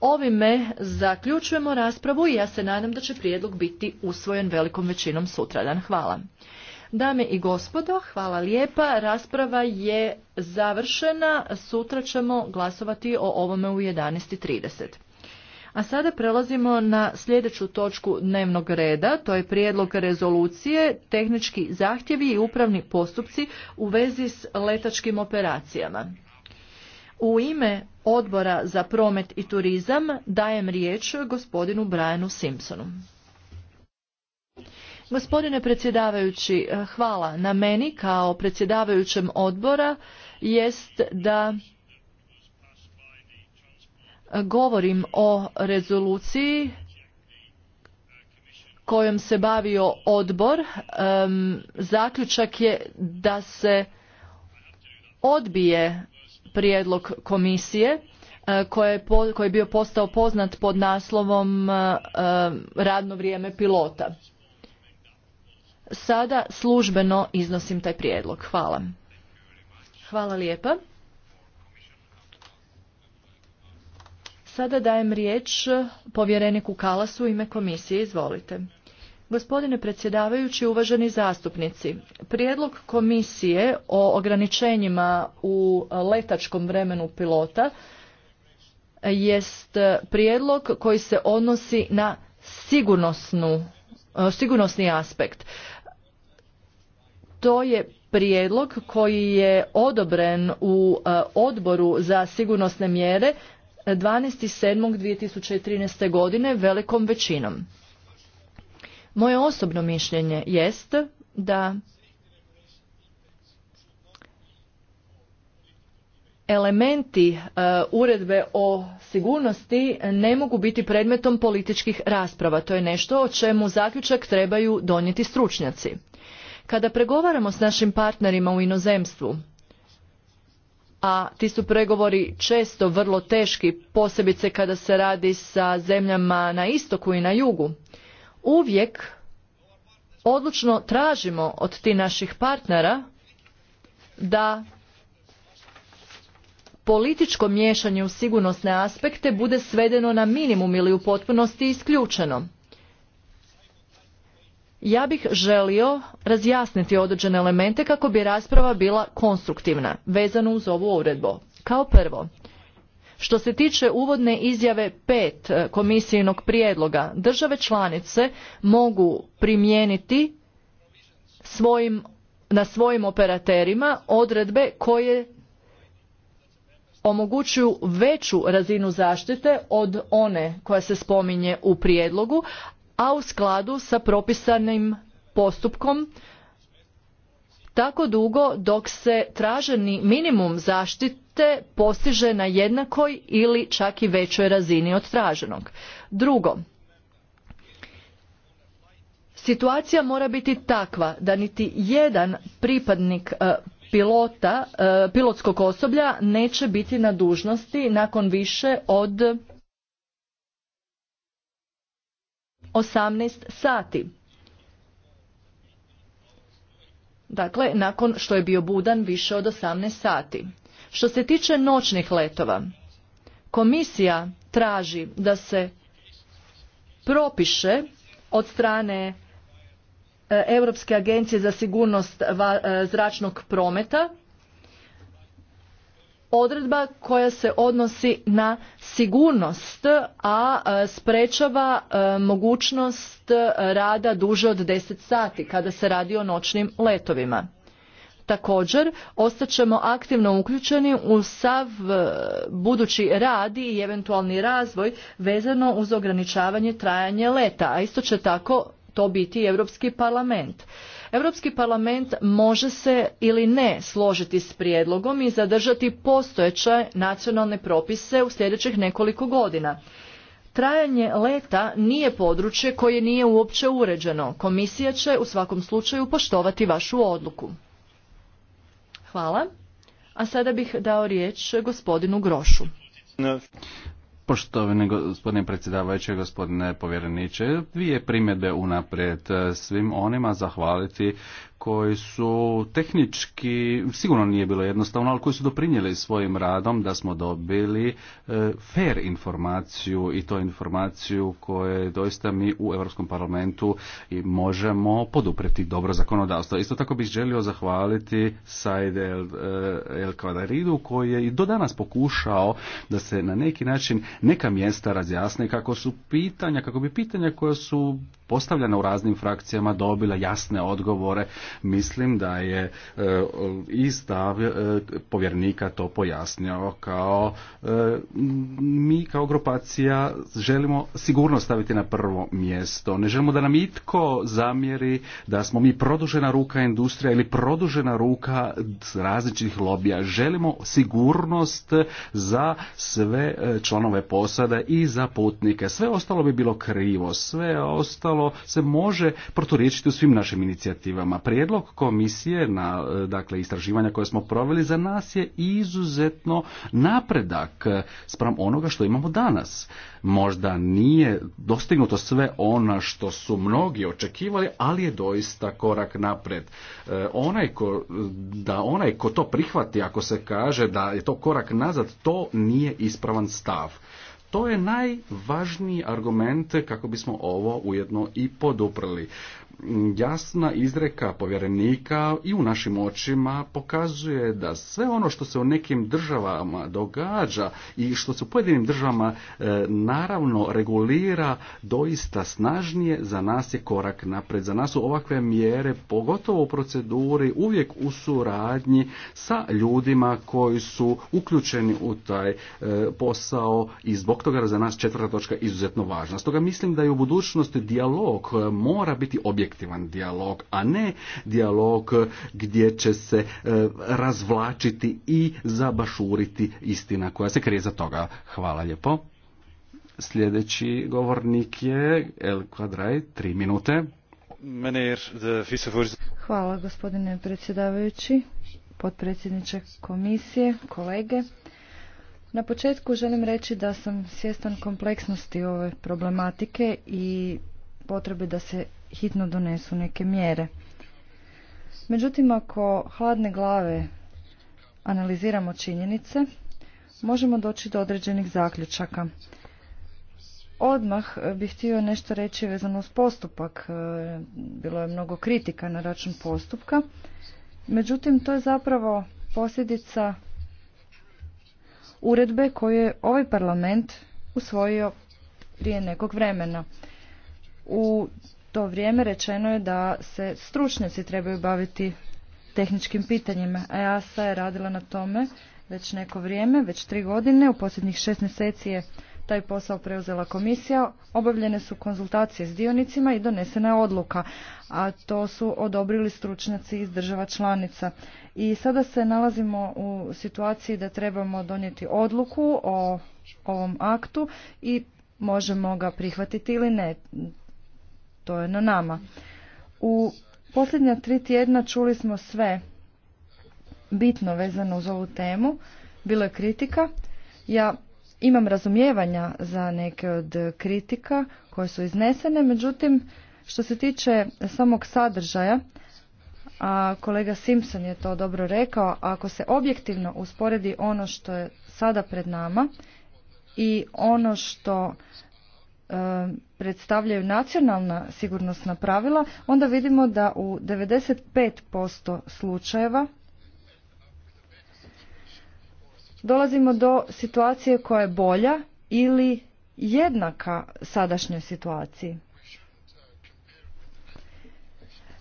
Ovime zaključujemo raspravu i ja se nadam da će prijedlog biti usvojen velikom većinom sutradan. Hvala. Dame i gospodo, hvala lijepa. Rasprava je završena. Sutra ćemo glasovati o ovome u 11.30. A sada prelazimo na sljedeću točku dnevnog reda, to je prijedlog rezolucije, tehnički zahtjevi i upravni postupci u vezi s letačkim operacijama. U ime odbora za promet i turizam dajem riječ gospodinu Brianu Simpsonu. Gospodine predsjedavajući, hvala na meni kao predsjedavajućem odbora jest da govorim o rezoluciji kojom se bavio odbor. zaključak je da se odbije prijedlog komisije e, koji je, bio postao poznat pod naslovom e, e, radno vrijeme pilota. Sada službeno iznosim taj prijedlog. Hvala. Hvala lijepa. Sada dajem riječ povjereniku Kalasu u ime komisije. Izvolite. Gospodine predsjedavajući, uvaženi zastupnici, prijedlog komisije o ograničenjima u letačkom vremenu pilota jest prijedlog koji se odnosi na e, sigurnosni aspekt. To je prijedlog koji je odobren u e, odboru za sigurnosne mjere 12.7.2013. godine velikom većinom. Moje osobno mišljenje jest da elementi e, uredbe o sigurnosti ne mogu biti predmetom političkih rasprava. To je nešto o čemu zaključak trebaju donijeti stručnjaci. Kada pregovaramo s našim partnerima u inozemstvu, a ti su pregovori često vrlo teški, posebice kada se radi sa zemljama na istoku i na jugu, uvijek odlučno tražimo od tih naših partnera da političko miješanje u sigurnosne aspekte bude svedeno na minimum ili u potpunosti isključeno. Ja bih želio razjasniti određene elemente kako bi rasprava bila konstruktivna, vezano uz ovu uredbu. Kao prvo, što se tiče uvodne izjave 5 e, komisijinog prijedloga, države članice mogu primijeniti na svojim operaterima odredbe koje omogućuju veću razinu zaštite od one koja se spominje u prijedlogu, a u skladu sa propisanim postupkom tako dugo dok se traženi minimum zaštite te postiže na jednakoj ili čak i većoj razini od traženog. Drugo, situacija mora biti takva da niti jedan pripadnik e, pilota, e, pilotskog osoblja neće biti na dužnosti nakon više od 18 sati. Dakle, nakon što je bio budan više od 18 sati. Što se tiče noćnih letova, komisija traži da se propiše od strane e, Europske agencije za sigurnost e, zračnog prometa odredba koja se odnosi na sigurnost, a e, sprečava mogućnost rada duže od 10 sati kada se radi o noćnim letovima. Također, ostaćemo aktivno uključeni u sav e, budući rad i eventualni razvoj vezano uz ograničavanje trajanja leta, a isto će tako to biti Europski parlament. Europski parlament može se ili ne složiti s prijedlogom i zadržati postojeće nacionalne propise u sljedećih nekoliko godina. Trajanje leta nije područje koje nije uopće uređeno. Komisija će u svakom slučaju poštovati vašu odluku. Hvala. A sada bih dao riječ gospodinu Grošu. Poštovani gospodine predsjedavajući, gospodine povjereniče, dvije primjedbe unaprijed e, svim onima zahvaliti koji su tehnički, sigurno nije bilo jednostavno, ali koji su doprinijeli svojim radom da smo dobili e, fair informaciju i to informaciju koje doista mi u Europskom parlamentu i možemo podupreti dobro zakonodavstvo. Isto tako bih želio zahvaliti Saide El, e, El Kvadaridu koji je i do danas pokušao da se na neki način neka mjesta razjasne kako su pitanja, kako bi pitanja koja su postavljena u raznim frakcijama dobila jasne odgovore Mislim da je e, i stav e, povjernika to pojasnio kao e, mi kao grupacija želimo sigurno staviti na prvo mjesto. Ne želimo da nam itko zamjeri da smo mi produžena ruka industrija ili produžena ruka različitih lobija. Želimo sigurnost za sve članove posada i za putnike. Sve ostalo bi bilo krivo. Sve ostalo se može proturječiti u svim našim inicijativama prijedlog komisije na e, dakle, istraživanja koje smo proveli za nas je izuzetno napredak spram onoga što imamo danas. Možda nije dostignuto sve ono što su mnogi očekivali, ali je doista korak napred. E, onaj ko, da onaj ko to prihvati, ako se kaže da je to korak nazad, to nije ispravan stav. To je najvažniji argument kako bismo ovo ujedno i poduprli jasna izreka povjerenika i u našim očima pokazuje da sve ono što se u nekim državama događa i što se u pojedinim državama e, naravno regulira doista snažnije za nas je korak napred. Za nas su ovakve mjere pogotovo u proceduri uvijek u suradnji sa ljudima koji su uključeni u taj e, posao i zbog toga za nas četvrta točka izuzetno važna. Stoga mislim da i u budućnosti dijalog e, mora biti objektivno objektivan dijalog, a ne dijalog gdje će se e, razvlačiti i zabašuriti istina koja se krije za toga. Hvala lijepo. Sljedeći govornik je El Quadraj, tri minute. Hvala gospodine predsjedavajući, potpredsjedniče komisije, kolege. Na početku želim reći da sam svjestan kompleksnosti ove problematike i potrebe da se hitno donesu neke mjere. Međutim, ako hladne glave analiziramo činjenice, možemo doći do određenih zaključaka. Odmah eh, bih htio nešto reći vezano uz postupak. Eh, bilo je mnogo kritika na račun postupka. Međutim, to je zapravo posljedica uredbe koju je ovaj parlament usvojio prije nekog vremena. U to vrijeme rečeno je da se stručnjaci trebaju baviti tehničkim pitanjima. a EASA je radila na tome već neko vrijeme, već tri godine. U posljednjih šest mjeseci je taj posao preuzela komisija. Obavljene su konzultacije s dionicima i donesena je odluka, a to su odobrili stručnjaci iz država članica. I sada se nalazimo u situaciji da trebamo donijeti odluku o ovom aktu i možemo ga prihvatiti ili ne to je na nama. U posljednja tri tjedna čuli smo sve bitno vezano uz ovu temu. Bilo je kritika. Ja imam razumijevanja za neke od kritika koje su iznesene, međutim što se tiče samog sadržaja, a kolega Simpson je to dobro rekao, ako se objektivno usporedi ono što je sada pred nama i ono što E, predstavljaju nacionalna sigurnosna pravila, onda vidimo da u 95% slučajeva dolazimo do situacije koja je bolja ili jednaka sadašnjoj situaciji.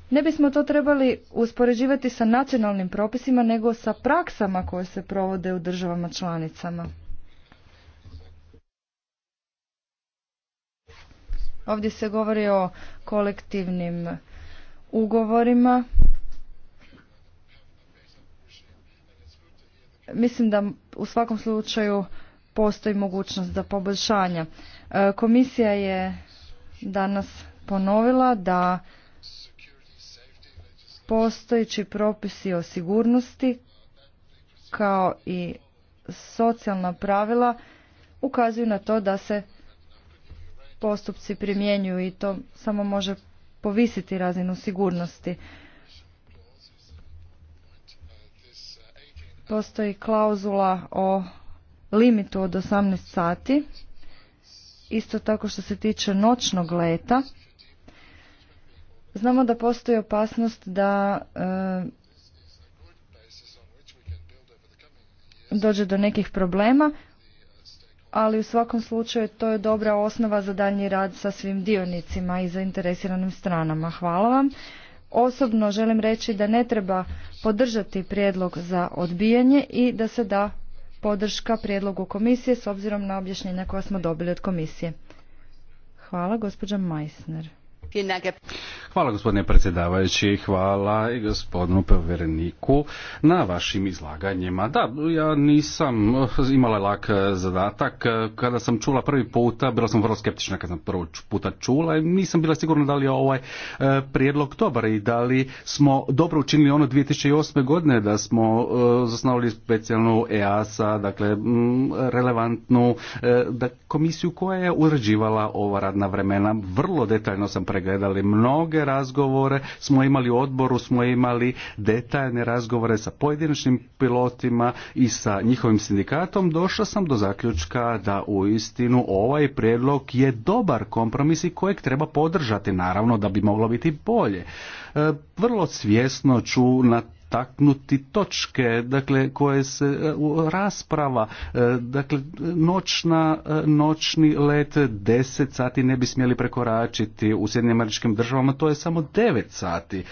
Ne bismo to trebali uspoređivati sa nacionalnim propisima, nego sa praksama koje se provode u državama članicama. Ovdje se govori o kolektivnim ugovorima. Mislim da u svakom slučaju postoji mogućnost za poboljšanja. E, komisija je danas ponovila da postojeći propisi o sigurnosti kao i socijalna pravila ukazuju na to da se postupci primjenjuju i to samo može povisiti razinu sigurnosti. Postoji klauzula o limitu od 18 sati. Isto tako što se tiče noćnog leta. Znamo da postoji opasnost da e, dođe do nekih problema ali u svakom slučaju to je dobra osnova za daljnji rad sa svim dionicima i zainteresiranim stranama. Hvala vam. Osobno želim reći da ne treba podržati prijedlog za odbijanje i da se da podrška prijedlogu komisije s obzirom na objašnjenja koja smo dobili od komisije. Hvala, gospođa Meissner. Hvala gospodine predsjedavajući, hvala i gospodinu povjereniku na vašim izlaganjima. Da, ja nisam imala lak zadatak. Kada sam čula prvi puta, bila sam vrlo skeptična kada sam prvi puta čula i nisam bila sigurna da li je ovaj e, prijedlog dobar i da li smo dobro učinili ono 2008. godine da smo e, zasnovali specijalnu EASA, dakle relevantnu e, da komisiju koja je uređivala ova radna vremena. Vrlo detaljno sam pregledala gledali mnoge razgovore, smo imali u odboru, smo imali detaljne razgovore sa pojedinačnim pilotima i sa njihovim sindikatom, došao sam do zaključka da u istinu ovaj prijedlog je dobar kompromis i kojeg treba podržati, naravno da bi moglo biti bolje. E, vrlo svjesno ću na dotaknuti točke, dakle koje se e, rasprava, e, dakle noćna, e, noćni let deset sati ne bi smjeli prekoračiti u Sjednjim američkim državama, to je samo devet sati,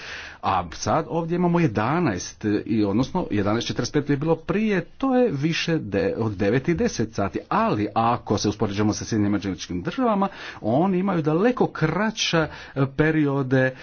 a sad ovdje imamo 11 i odnosno 11.45 je bilo prije, to je više od 9 i 10 sati, ali ako se uspoređujemo sa Sjedinim američkim državama, oni imaju daleko kraće periode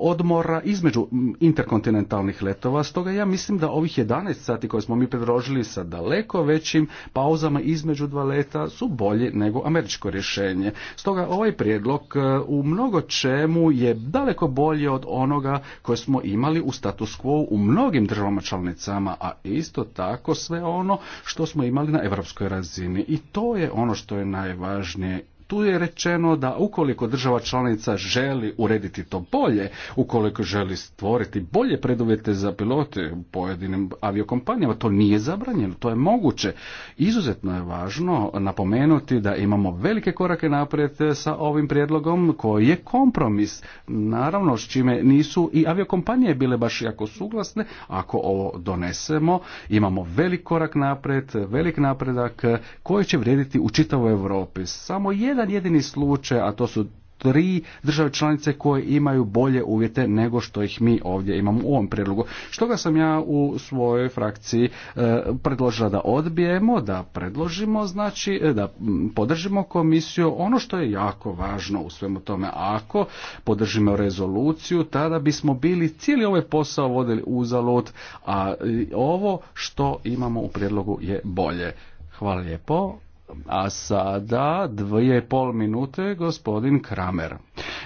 odmora između interkontinentalnih kontinentalnih letova, stoga ja mislim da ovih 11 sati koje smo mi predložili sa daleko većim pauzama između dva leta su bolje nego američko rješenje. Stoga ovaj prijedlog e, u mnogo čemu je daleko bolje od onoga koje smo imali u status quo u mnogim državama članicama, a isto tako sve ono što smo imali na europskoj razini. I to je ono što je najvažnije tu je rečeno da ukoliko država članica želi urediti to bolje, ukoliko želi stvoriti bolje preduvjete za pilote u pojedinim aviokompanijama, to nije zabranjeno, to je moguće. Izuzetno je važno napomenuti da imamo velike korake naprijed sa ovim prijedlogom koji je kompromis. Naravno, s čime nisu i aviokompanije bile baš jako suglasne, ako ovo donesemo, imamo velik korak naprijed, velik napredak koji će vrijediti u čitavoj Europi. Samo jedan jedan jedini slučaj, a to su tri države članice koje imaju bolje uvjete nego što ih mi ovdje imamo u ovom prijedlogu. ga sam ja u svojoj frakciji e, predložila da odbijemo, da predložimo, znači e, da podržimo komisiju. Ono što je jako važno u svemu tome, ako podržimo rezoluciju, tada bismo bili cijeli ovaj posao vodili uzalud, a ovo što imamo u prijedlogu je bolje. Hvala lijepo. A sada dvije i pol minute gospodin Kramer.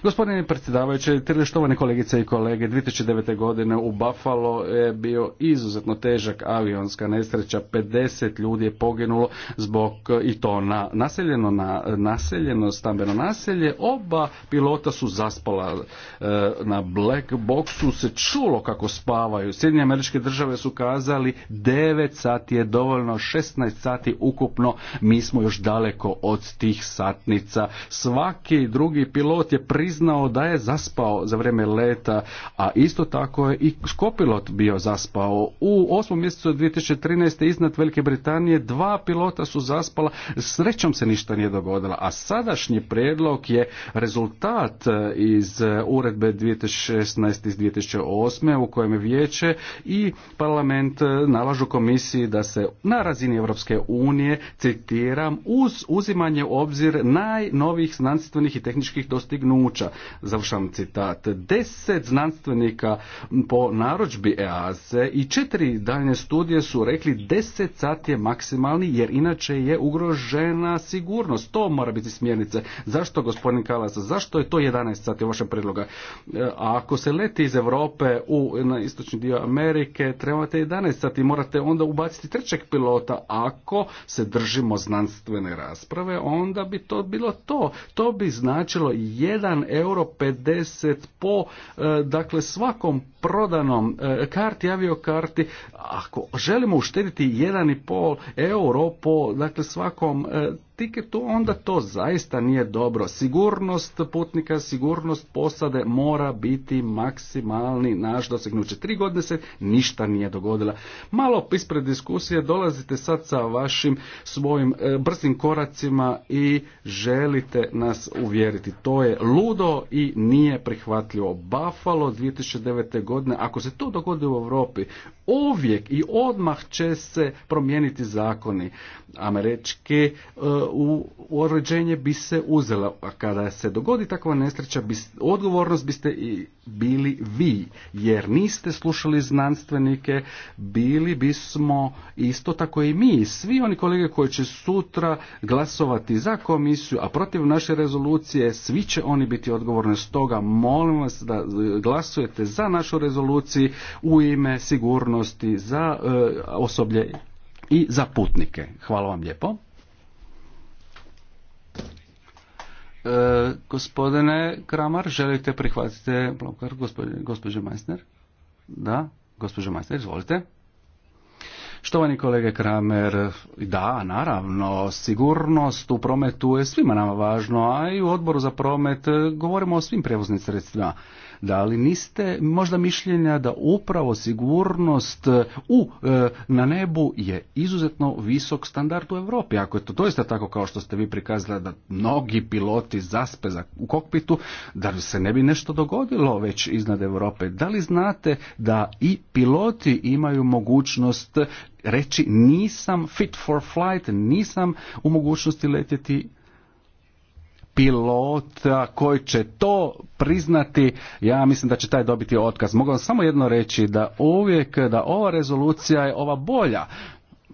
Gospodine predsjedavajući, poštovane kolegice i kolege, 2009. godine u Buffalo je bio izuzetno težak avionska nesreća, 50 ljudi je poginulo zbog i to na naseljeno, na, naseljeno stambeno naselje, oba pilota su zaspala e, na black boxu, se čulo kako spavaju. Sjedinje američke države su kazali 9 sati je dovoljno, 16 sati ukupno, mi smo smo još daleko od tih satnica. Svaki drugi pilot je priznao da je zaspao za vrijeme leta, a isto tako je i Skopilot bio zaspao. U osmom mjesecu 2013. iznad Velike Britanije dva pilota su zaspala, srećom se ništa nije dogodilo, a sadašnji prijedlog je rezultat e, iz e, uredbe 2016 iz 2008. u kojem je vijeće i parlament e, nalažu komisiji da se na razini Europske unije citira program uz uzimanje u obzir najnovijih znanstvenih i tehničkih dostignuća. Završam citat. Deset znanstvenika po narudžbi EASE i četiri daljne studije su rekli deset sati je maksimalni jer inače je ugrožena sigurnost. To mora biti smjernice. Zašto gospodin Kalas? Zašto je to 11 sati vašeg predloga? A e, ako se leti iz Europe u na istočni dio Amerike trebate 11 sati. Morate onda ubaciti trećeg pilota ako se držimo znanstvenih znanstvene rasprave, onda bi to bilo to. To bi značilo 1,50 euro po e, dakle svakom prodanom e, karti, aviokarti. Ako želimo uštediti 1,5 euro po dakle svakom e, tiketu, onda to zaista nije dobro. Sigurnost putnika, sigurnost posade mora biti maksimalni naš dosegnuće. Tri godine se ništa nije dogodila. Malo ispred diskusije dolazite sad sa vašim svojim e, brzim koracima i želite nas uvjeriti. To je ludo i nije prihvatljivo. Buffalo 2009. godine, ako se to dogodi u Europi, uvijek i odmah će se promijeniti zakoni. Američki e, u urođenje bi se uzela, a kada se dogodi takva nesreća, odgovornost biste i bili vi, jer niste slušali znanstvenike, bili bismo isto tako i mi, svi oni kolege koji će sutra glasovati za komisiju, a protiv naše rezolucije, svi će oni biti odgovorni. Stoga molim vas da glasujete za našu rezoluciju u ime sigurnosti za e, osoblje i za putnike. Hvala vam lijepo. E, gospodine Kramar, želite prihvatiti blokar gospođe, Majsner? Da, gospođe Majsner, izvolite. Štovani kolege Kramer, da, naravno, sigurnost u prometu je svima nama važno, a i u odboru za promet govorimo o svim prijevoznim sredstvima. Da li niste možda mišljenja da upravo sigurnost e, u, e, na nebu je izuzetno visok standard u Europi? Ako je to doista tako kao što ste vi prikazali da mnogi piloti zaspe u kokpitu, da li se ne bi nešto dogodilo već iznad Europe? Da li znate da i piloti imaju mogućnost reći nisam fit for flight, nisam u mogućnosti letjeti pilota koji će to priznati, ja mislim da će taj dobiti otkaz. Mogu vam samo jedno reći da uvijek da ova rezolucija je ova bolja.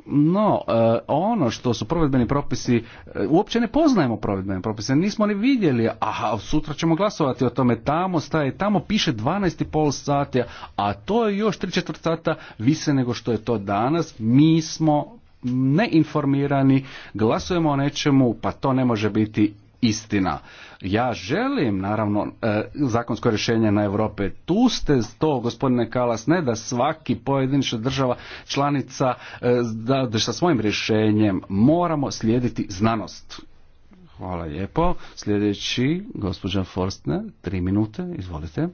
No, e, ono što su provedbeni propisi, e, uopće ne poznajemo provedbene propise, nismo ni vidjeli, a sutra ćemo glasovati o tome, tamo staje, tamo piše 12,5 sati, a to je još 3 četvrt sata više nego što je to danas. Mi smo neinformirani, glasujemo o nečemu, pa to ne može biti istina. Ja želim, naravno, e, zakonsko rješenje na Europe. Tu ste to, gospodine Kalas, ne da svaki pojedinačna država članica e, da, da sa svojim rješenjem moramo slijediti znanost. Hvala lijepo. Sljedeći, gospođa Forstner, tri minute, izvolite.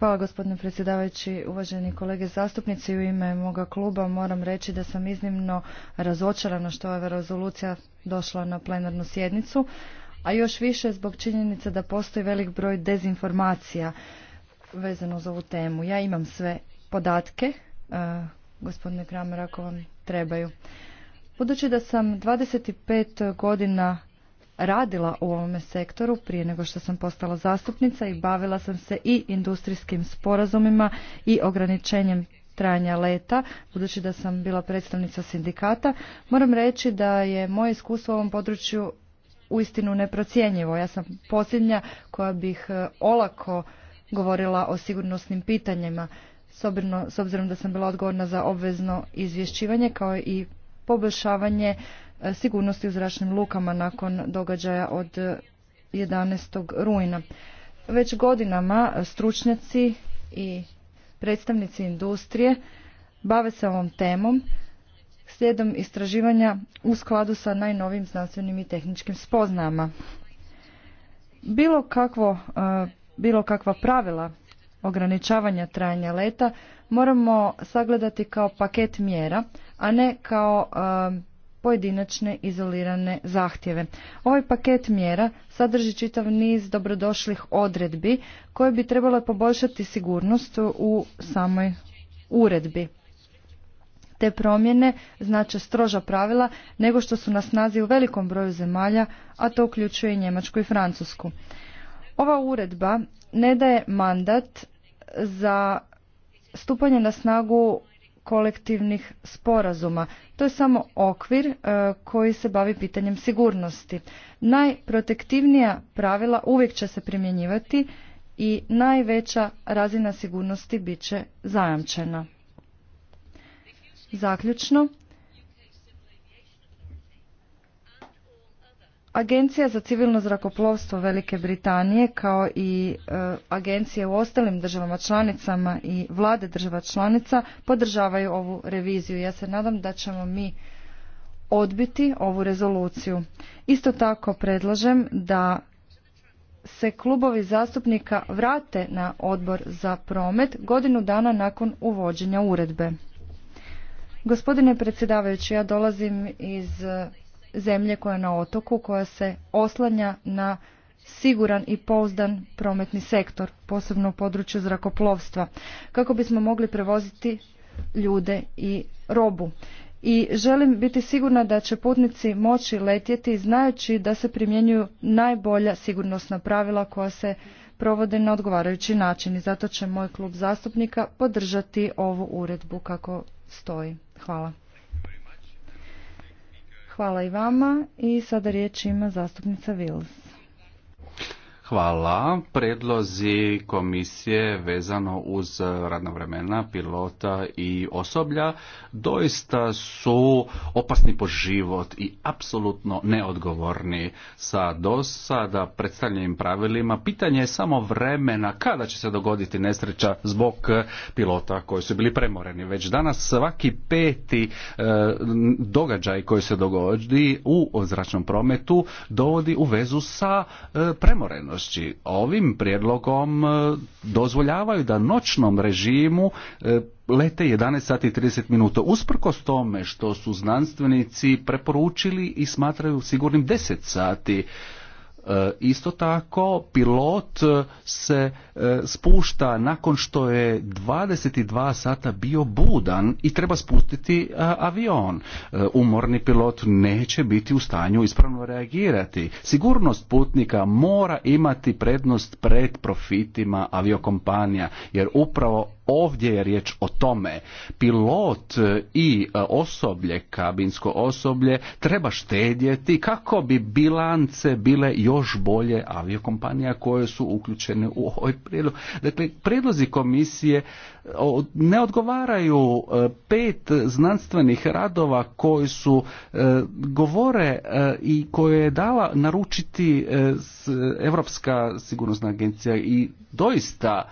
Hvala gospodine predsjedavajući, uvaženi kolege zastupnici. U ime moga kluba moram reći da sam iznimno razočarana što je ova rezolucija došla na plenarnu sjednicu, a još više zbog činjenice da postoji velik broj dezinformacija vezano za ovu temu. Ja imam sve podatke, eh, gospodine Kramer, ako vam trebaju. Budući da sam 25 godina radila u ovome sektoru prije nego što sam postala zastupnica i bavila sam se i industrijskim sporazumima i ograničenjem trajanja leta, budući da sam bila predstavnica sindikata, moram reći da je moje iskustvo u ovom području uistinu neprocjenjivo. Ja sam posljednja koja bih e, olako govorila o sigurnosnim pitanjima, s obzirom da sam bila odgovorna za obvezno izvješćivanje kao i poboljšavanje E, sigurnosti u zračnim lukama nakon događaja od 11. rujna. Već godinama stručnjaci i predstavnici industrije bave se ovom temom slijedom istraživanja u skladu sa najnovim znanstvenim i tehničkim spoznajama. Bilo, kakvo, e, bilo kakva pravila ograničavanja trajanja leta moramo sagledati kao paket mjera, a ne kao e, pojedinačne izolirane zahtjeve. Ovaj paket mjera sadrži čitav niz dobrodošlih odredbi koje bi trebalo poboljšati sigurnost u samoj uredbi. Te promjene znače stroža pravila nego što su na snazi u velikom broju zemalja, a to uključuje i Njemačku i Francusku. Ova uredba ne daje mandat za stupanje na snagu kolektivnih sporazuma. To je samo okvir e, koji se bavi pitanjem sigurnosti. Najprotektivnija pravila uvijek će se primjenjivati i najveća razina sigurnosti bit će zajamčena. Zaključno, Agencija za civilno zrakoplovstvo Velike Britanije kao i e, agencije u ostalim državama članicama i vlade država članica podržavaju ovu reviziju. Ja se nadam da ćemo mi odbiti ovu rezoluciju. Isto tako predlažem da se klubovi zastupnika vrate na odbor za promet godinu dana nakon uvođenja uredbe. Gospodine predsjedavajući, ja dolazim iz zemlje koja je na otoku, koja se oslanja na siguran i pouzdan prometni sektor, posebno u području zrakoplovstva, kako bismo mogli prevoziti ljude i robu. I želim biti sigurna da će putnici moći letjeti znajući da se primjenjuju najbolja sigurnosna pravila koja se provode na odgovarajući način i zato će moj klub zastupnika podržati ovu uredbu kako stoji. Hvala. Hvala i vama i sada riječ ima zastupnica Vils. Hvala. Predlozi komisije vezano uz radna vremena pilota i osoblja doista su opasni po život i apsolutno neodgovorni sa dosada sada predstavljenim pravilima. Pitanje je samo vremena kada će se dogoditi nesreća zbog pilota koji su bili premoreni. Već danas svaki peti e, događaj koji se dogodi u zračnom prometu dovodi u vezu sa e, premorenom ovim prijedlogom e, dozvoljavaju da noćnom režimu e, lete 11 sati i 30 minuta. Usprkos tome što su znanstvenici preporučili i smatraju sigurnim 10 sati E, isto tako, pilot e, se e, spušta nakon što je 22 sata bio budan i treba spustiti avion. Umorni pilot neće biti u stanju ispravno reagirati. Sigurnost putnika mora imati prednost pred profitima aviokompanija, jer upravo ovdje je riječ o tome. Pilot e, i e, osoblje, kabinsko osoblje, treba štedjeti kako bi bilance bile još bolje aviokompanija koje su uključene u ovaj prijedlog. Dakle, prijedlozi komisije e, ne odgovaraju pet znanstvenih radova koji su govore i koje je dala naručiti Europska sigurnosna agencija i doista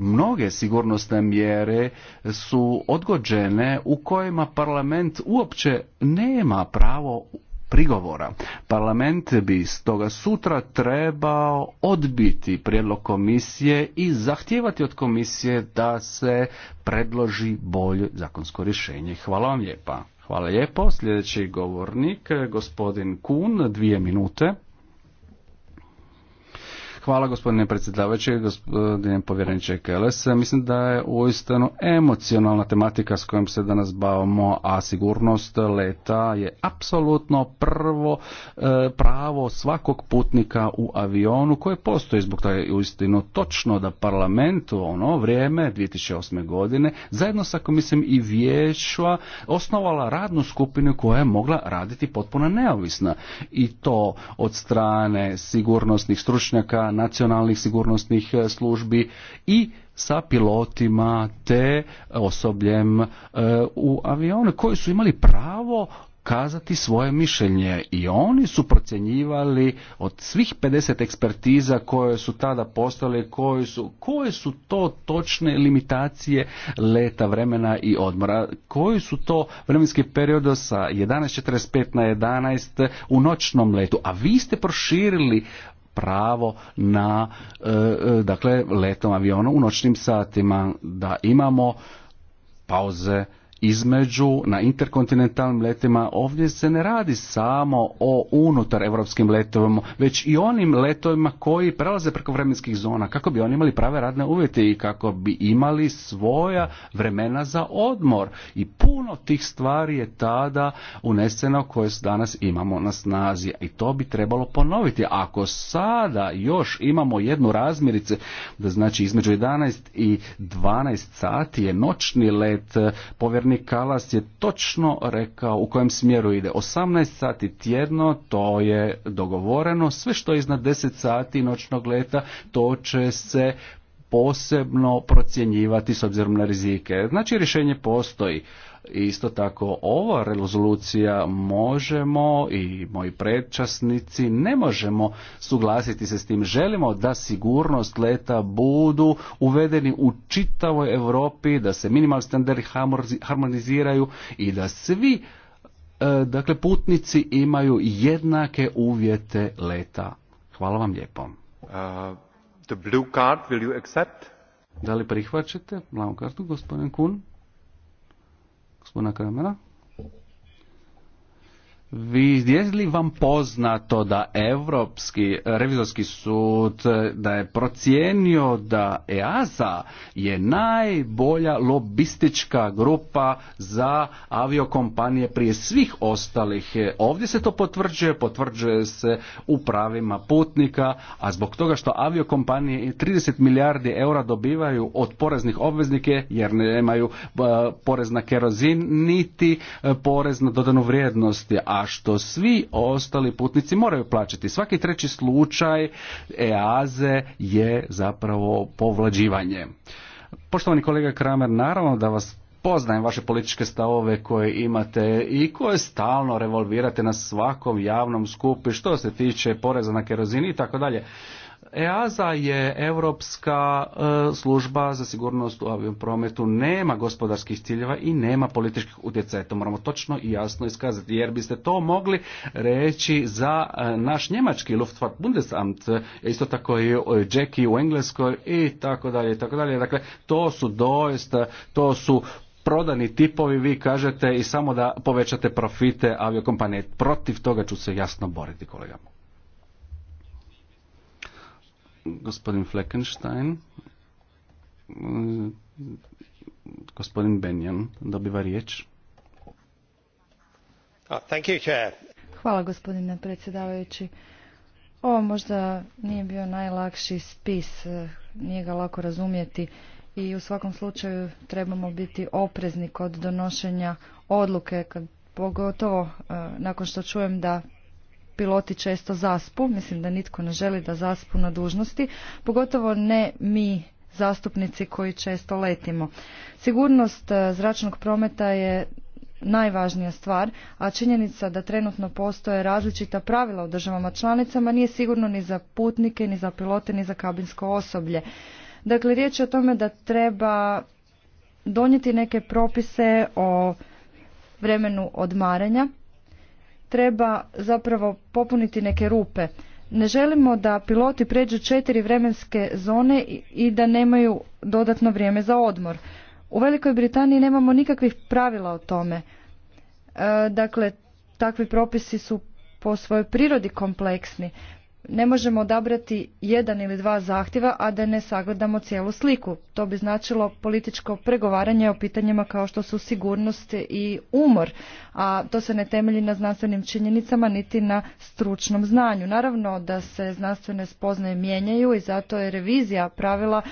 Mnoge sigurnosne mjere su odgođene u kojima parlament uopće nema pravo prigovora. Parlament bi stoga sutra trebao odbiti prijedlog komisije i zahtijevati od komisije da se predloži bolje zakonsko rješenje. Hvala vam lijepa. Hvala lijepo. Sljedeći govornik, gospodin Kun, dvije minute. Hvala gospodine predsjedavajući, gospodine povjereniče Keles. Mislim da je uistinu emocionalna tematika s kojom se danas bavimo, a sigurnost leta je apsolutno prvo e, pravo svakog putnika u avionu koje postoji zbog toga je uistinu točno da parlament u ono vrijeme 2008. godine zajedno sa komisijom i vijeća osnovala radnu skupinu koja je mogla raditi potpuno neovisna i to od strane sigurnosnih stručnjaka nacionalnih sigurnosnih e, službi i sa pilotima te osobljem e, u avionu koji su imali pravo kazati svoje mišljenje i oni su procjenjivali od svih 50 ekspertiza koje su tada postale, koje su, koje su to točne limitacije leta vremena i odmora, koji su to vremenski periodo sa 11.45 na 11 u noćnom letu, a vi ste proširili pravo na e, e, dakle letom avionu u noćnim satima da imamo pauze između na interkontinentalnim letima ovdje se ne radi samo o unutar europskim letovima već i onim letovima koji prelaze preko vremenskih zona kako bi oni imali prave radne uvjete i kako bi imali svoja vremena za odmor i puno tih stvari je tada uneseno koje danas imamo na snazi i to bi trebalo ponoviti ako sada još imamo jednu razmirice da znači između 11 i 12 sati je noćni let eh, povjerni Nikalas Kalas je točno rekao u kojem smjeru ide. 18 sati tjedno, to je dogovoreno, sve što je iznad 10 sati noćnog leta, to će se posebno procjenjivati s obzirom na rizike. Znači rješenje postoji. Isto tako ova rezolucija možemo i moji predčasnici ne možemo suglasiti se s tim. Želimo da sigurnost leta budu uvedeni u čitavoj Europi, da se minimalni standardi harmoniziraju i da svi e, dakle putnici imaju jednake uvjete leta. Hvala vam lijepo. Uh, the blue card, will you Da li prihvaćate blavu kartu, gospodin Kun? gospodina Kramera. Vi, je li vam poznato da Europski revizorski sud eh, da je procijenio da EASA je najbolja lobistička grupa za aviokompanije prije svih ostalih. Eh, ovdje se to potvrđuje, potvrđuje se u pravima putnika, a zbog toga što aviokompanije 30 milijardi eura dobivaju od poreznih obveznike jer nemaju eh, porez na kerozin niti porez na dodanu vrijednost, a a što svi ostali putnici moraju plaćati. Svaki treći slučaj EAZE je zapravo povlađivanje. Poštovani kolega Kramer, naravno da vas poznajem vaše političke stavove koje imate i koje stalno revolvirate na svakom javnom skupi što se tiče poreza na kerozini i tako dalje. EASA je Europska e, služba za sigurnost u avion prometu, nema gospodarskih ciljeva i nema političkih utjecaja. To moramo točno i jasno iskazati, jer biste to mogli reći za e, naš njemački Luftfahrt Bundesamt, e, isto tako i Jackie u Engleskoj i tako dalje i tako dalje. Dakle, to su doista, to su prodani tipovi, vi kažete i samo da povećate profite aviokompanije. Protiv toga ću se jasno boriti, kolega gospodin Fleckenstein, mm, gospodin Benjan dobiva riječ. Ah, Hvala gospodine predsjedavajući. Ovo možda nije bio najlakši spis, nije ga lako razumjeti i u svakom slučaju trebamo biti oprezni kod donošenja odluke, kad pogotovo eh, nakon što čujem da piloti često zaspu, mislim da nitko ne želi da zaspu na dužnosti, pogotovo ne mi zastupnici koji često letimo. Sigurnost e, zračnog prometa je najvažnija stvar, a činjenica da trenutno postoje različita pravila u državama članicama nije sigurno ni za putnike, ni za pilote, ni za kabinsko osoblje. Dakle, riječ je o tome da treba donijeti neke propise o vremenu odmaranja treba zapravo popuniti neke rupe. Ne želimo da piloti pređu četiri vremenske zone i da nemaju dodatno vrijeme za odmor. U Velikoj Britaniji nemamo nikakvih pravila o tome. E, dakle, takvi propisi su po svojoj prirodi kompleksni ne možemo odabrati jedan ili dva zahtjeva, a da ne sagledamo cijelu sliku. To bi značilo političko pregovaranje o pitanjima kao što su sigurnost i umor, a to se ne temelji na znanstvenim činjenicama niti na stručnom znanju. Naravno da se znanstvene spoznaje mijenjaju i zato je revizija pravila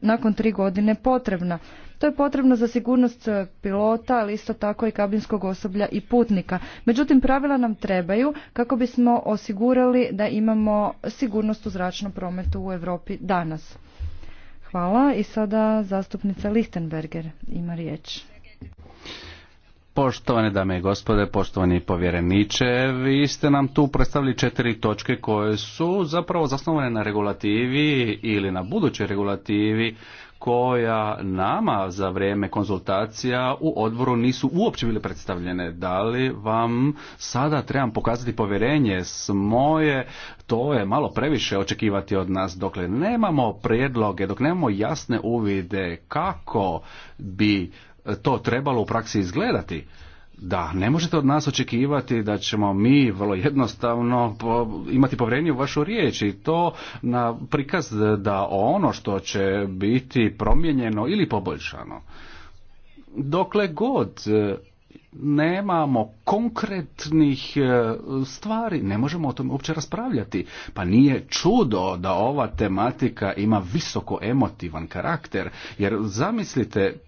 nakon tri godine potrebna. To je potrebno za sigurnost e, pilota, ali isto tako i kabinskog osoblja i putnika. Međutim, pravila nam trebaju kako bismo osigurali da imamo sigurnost u zračnom prometu u Europi danas. Hvala i sada zastupnica Lichtenberger ima riječ. Poštovane dame i gospode, poštovani povjereniče, vi ste nam tu predstavili četiri točke koje su zapravo zasnovane na regulativi ili na budućoj regulativi koja nama za vrijeme konzultacija u odvoru nisu uopće bile predstavljene. Da li vam sada trebam pokazati povjerenje s moje, to je malo previše očekivati od nas. Dokle nemamo prijedloge, dok nemamo jasne uvide kako bi to trebalo u praksi izgledati, da, ne možete od nas očekivati da ćemo mi vrlo jednostavno imati povjerenje u vašu riječ i to na prikaz da ono što će biti promijenjeno ili poboljšano. Dokle god nemamo konkretnih e, stvari, ne možemo o tome uopće raspravljati. Pa nije čudo da ova tematika ima visoko emotivan karakter, jer zamislite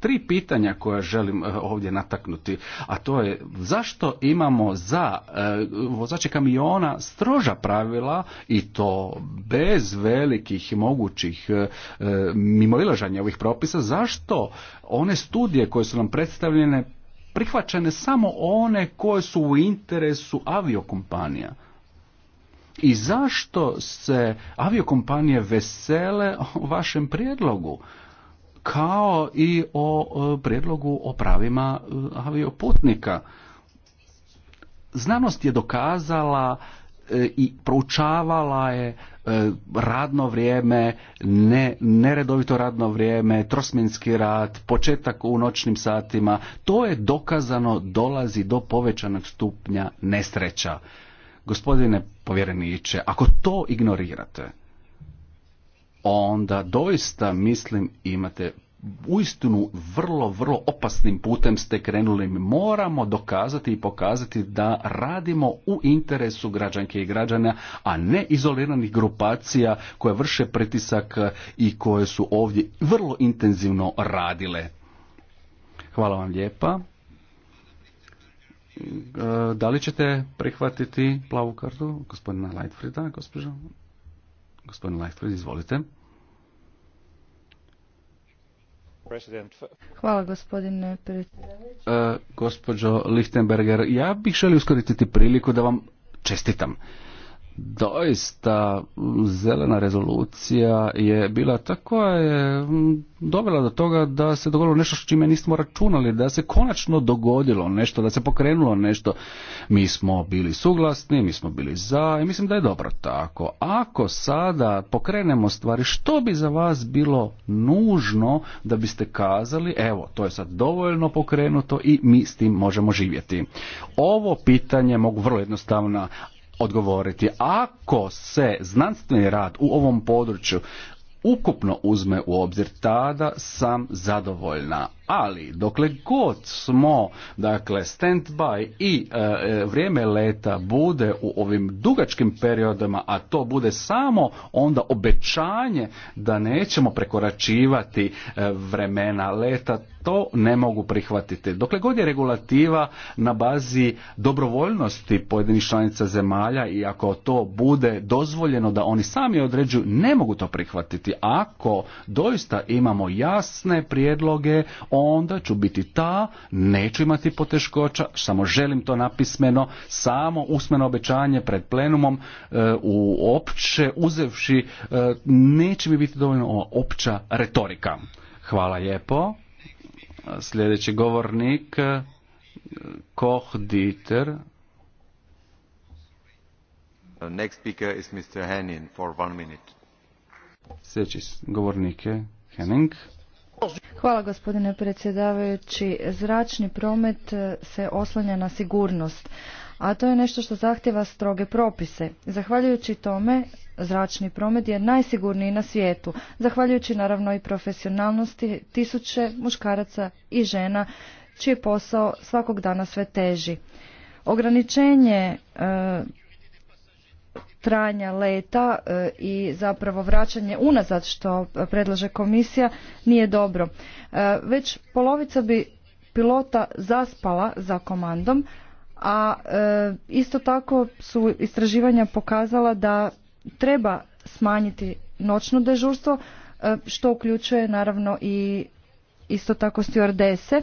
tri pitanja koja želim e, ovdje nataknuti, a to je zašto imamo za e, vozače kamiona stroža pravila i to bez velikih mogućih mimoilaženja ovih propisa, zašto one studije koje su nam predstavljene prihvaćene samo one koje su u interesu aviokompanija. I zašto se aviokompanije vesele o vašem prijedlogu? Kao i o prijedlogu o pravima e, avioputnika. Znanost je dokazala e, i proučavala je E, radno vrijeme, ne, neredovito radno vrijeme, trosminski rad, početak u noćnim satima, to je dokazano dolazi do povećanog stupnja nesreća. Gospodine povjereniče, ako to ignorirate, onda doista mislim imate uistinu vrlo, vrlo opasnim putem ste krenuli. Moramo dokazati i pokazati da radimo u interesu građanke i građana, a ne izoliranih grupacija koje vrše pritisak i koje su ovdje vrlo intenzivno radile. Hvala vam lijepa. E, da li ćete prihvatiti plavu kartu gospodina Lightfrida, gospođo? Gospodin Lightfried, izvolite. Hvala gospodine predsjedniče. E, gospođo Lichtenberger, ja bih želio iskoristiti priliku da vam čestitam doista zelena rezolucija je bila tako je dovela do toga da se dogodilo nešto s čime nismo računali, da se konačno dogodilo nešto, da se pokrenulo nešto. Mi smo bili suglasni, mi smo bili za i mislim da je dobro tako. Ako sada pokrenemo stvari, što bi za vas bilo nužno da biste kazali, evo, to je sad dovoljno pokrenuto i mi s tim možemo živjeti. Ovo pitanje mogu vrlo jednostavno odgovoriti. Ako se znanstveni rad u ovom području ukupno uzme u obzir, tada sam zadovoljna. Ali, dokle god smo, dakle, stand by i e, e, vrijeme leta bude u ovim dugačkim periodama, a to bude samo onda obećanje da nećemo prekoračivati e, vremena leta, to ne mogu prihvatiti. Dokle god je regulativa na bazi dobrovoljnosti pojedinih članica zemalja i ako to bude dozvoljeno da oni sami određuju, ne mogu to prihvatiti. Ako doista imamo jasne prijedloge, onda ću biti ta, neću imati poteškoća, samo želim to napismeno, samo usmeno obećanje pred plenumom e, u opće uzevši e, neće mi biti dovoljno opća retorika. Hvala lijepo. Sljedeći govornik, eh, Koch Dieter. Next speaker is Mr. Henning for one minute. Sljedeći govornik je Henning. Hvala gospodine predsjedavajući. Zračni promet eh, se oslanja na sigurnost, a to je nešto što zahtjeva stroge propise. Zahvaljujući tome zračni promet je najsigurniji na svijetu, zahvaljujući naravno i profesionalnosti tisuće muškaraca i žena čiji je posao svakog dana sve teži. Ograničenje e, trajanja leta e, i zapravo vraćanje unazad što predlaže komisija nije dobro. E, već polovica bi pilota zaspala za komandom, a isto tako su istraživanja pokazala da treba smanjiti noćno dežurstvo, e, što uključuje naravno i isto tako stjordese.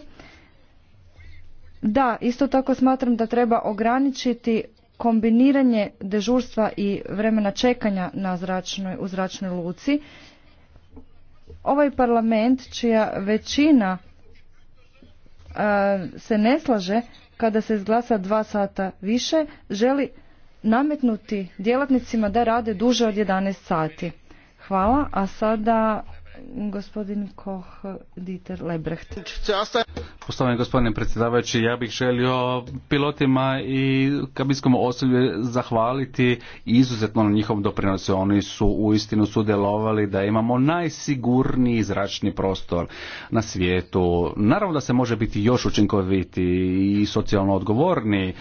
Da, isto tako smatram da treba ograničiti kombiniranje dežurstva i vremena čekanja na zračnoj, u zračnoj luci. Ovaj parlament čija većina e, se ne slaže kada se izglasa dva sata više, želi nametnuti djelatnicima da rade duže od 11 sati. Hvala, a sada gospodin Dieter Lebrecht. Poštovani gospodine predsjedavajući, ja bih želio pilotima i kabinskom osoblju zahvaliti izuzetno na njihovom doprinosu. Oni su uistinu sudjelovali da imamo najsigurniji zračni prostor na svijetu. Naravno da se može biti još učinkoviti i socijalno odgovorni. E,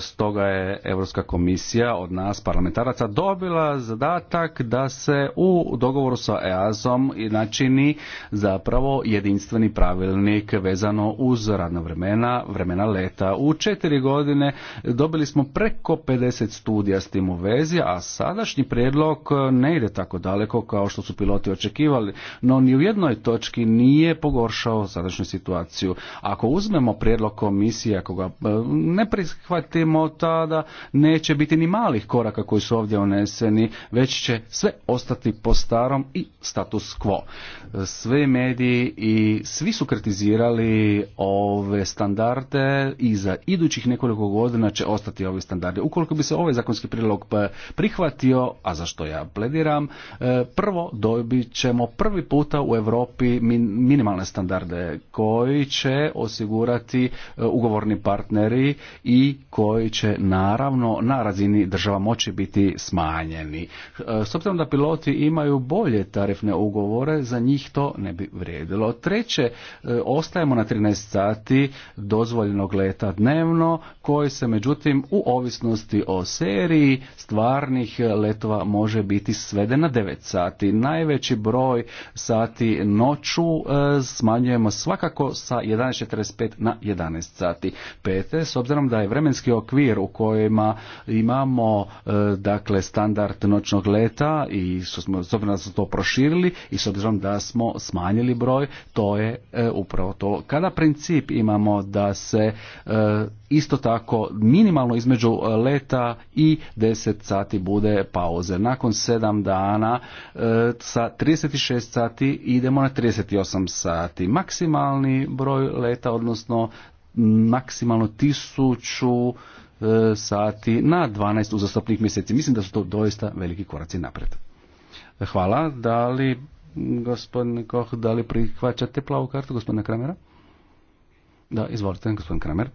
stoga je Europska komisija od nas parlamentaraca dobila zadatak da se u dogovoru sa EASom i načini zapravo jedinstveni pravilnik vezano uz radna vremena, vremena leta. U četiri godine dobili smo preko 50 studija s tim u vezi, a sadašnji prijedlog ne ide tako daleko kao što su piloti očekivali, no ni u jednoj točki nije pogoršao sadašnju situaciju. Ako uzmemo prijedlog komisije, ako ga e, ne prihvatimo, tada neće biti ni malih koraka koji su ovdje uneseni, već će sve ostati po starom i status quo sve svi mediji i svi su kritizirali ove standarde i za idućih nekoliko godina će ostati ovi standardi. Ukoliko bi se ovaj zakonski prilog pa prihvatio, a za što ja plediram, e, prvo dobit ćemo prvi puta u Europi minimalne standarde koji će osigurati e, ugovorni partneri i koji će naravno na razini država moći biti smanjeni. E, s obzirom da piloti imaju bolje tarifne ugovore, za njih to ne bi vrijedilo. Treće, e, ostajemo na 13 sati dozvoljenog leta dnevno, koji se međutim u ovisnosti o seriji stvarnih letova može biti sveden na 9 sati. Najveći broj sati noću e, smanjujemo svakako sa 11.45 na 11 sati. Pete, s obzirom da je vremenski okvir u kojima imamo e, dakle standard noćnog leta i s obzirom da smo to proširili i s obzirom obzirom da smo smanjili broj, to je e, upravo to. Kada princip imamo da se e, isto tako minimalno između e, leta i 10 sati bude pauze. Nakon 7 dana e, sa 36 sati idemo na 38 sati. Maksimalni broj leta, odnosno maksimalno tisuću sati na 12 uzastopnih mjeseci. Mislim da su to doista veliki koraci napred. Hvala. Da li Gospodine Koh, da li prihvaćate plavu kartu gospodina Kramera? Da, izvolite, gospodin Kramer.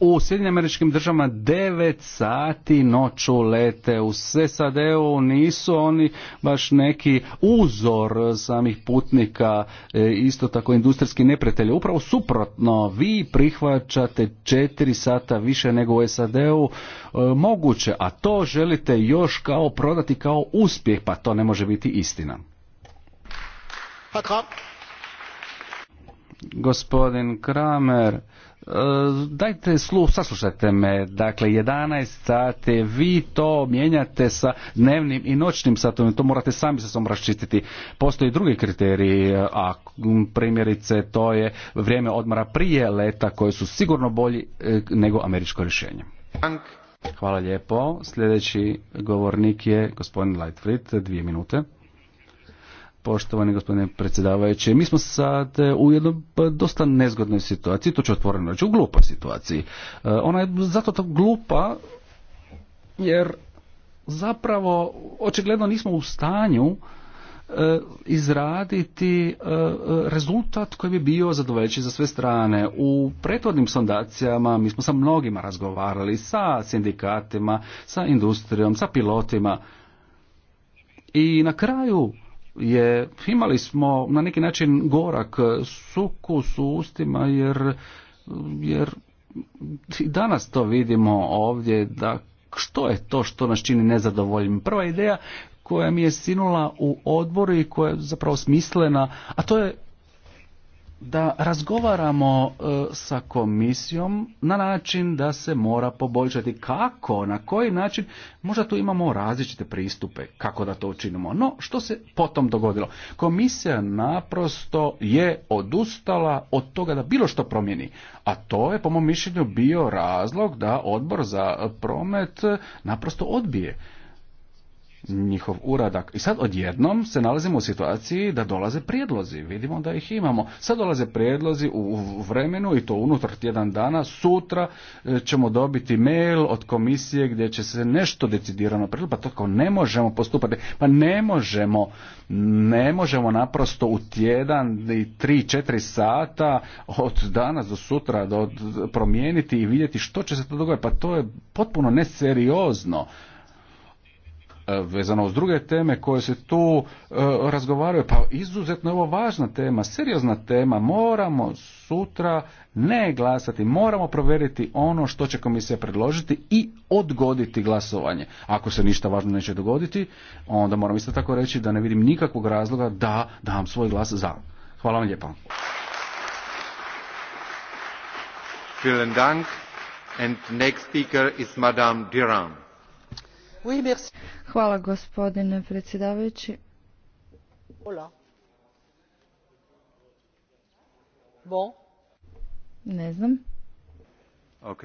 U Sjedinjim američkim državama 9 sati noću lete. U SAD-u nisu oni baš neki uzor samih putnika, e, isto tako industrijski neprijatelji. Upravo suprotno, vi prihvaćate 4 sata više nego u SAD-u e, moguće, a to želite još kao prodati kao uspjeh, pa to ne može biti istina. Gospodin Kramer, E, dajte slu, saslušajte me, dakle 11 sati, vi to mijenjate sa dnevnim i noćnim satom, to morate sami sa sobom raščistiti. Postoji drugi kriteriji, e, a primjerice to je vrijeme odmora prije leta koje su sigurno bolji e, nego američko rješenje. Hvala lijepo. Sljedeći govornik je gospodin Lightfoot dvije minute. Poštovani gospodine predsjedavajući, mi smo sad e, u jednoj pa, dosta nezgodnoj situaciji, to ću otvoreno reći, u glupoj situaciji. E, ona je zato tako glupa jer zapravo očigledno nismo u stanju e, izraditi rezultat koji bi bio zadovoljeći za sve strane. U prethodnim sondacijama mi smo sa mnogima razgovarali, sa sindikatima, sa industrijom, sa pilotima i na kraju je, imali smo na neki način gorak sukus u ustima jer, jer i danas to vidimo ovdje da što je to što nas čini nezadovoljnim. Prva ideja koja mi je sinula u odboru i koja je zapravo smislena, a to je da razgovaramo e, sa komisijom na način da se mora poboljšati kako, na koji način, možda tu imamo različite pristupe kako da to učinimo. No, što se potom dogodilo? Komisija naprosto je odustala od toga da bilo što promijeni, a to je po mom mišljenju bio razlog da odbor za promet naprosto odbije njihov uradak. I sad odjednom se nalazimo u situaciji da dolaze prijedlozi. Vidimo da ih imamo. Sad dolaze prijedlozi u vremenu i to unutar tjedan dana. Sutra e, ćemo dobiti mail od komisije gdje će se nešto decidirano prijedloga. Pa to ne možemo postupati. Pa ne možemo, ne možemo naprosto u tjedan i tri, četiri sata od danas do sutra do, promijeniti i vidjeti što će se to dogoditi. Pa to je potpuno neseriozno. E, vezano uz druge teme koje se tu e, razgovaraju, pa izuzetno je ovo važna tema, seriozna tema, moramo sutra ne glasati, moramo provjeriti ono što će komisija predložiti i odgoditi glasovanje. Ako se ništa važno neće dogoditi, onda moram isto tako reći da ne vidim nikakvog razloga da dam svoj glas za. Hvala vam lijepo Vielen Dank. And next speaker is Madame Durand. Hvala gospodine predsjedavajući. Bon. Ne znam. Ok.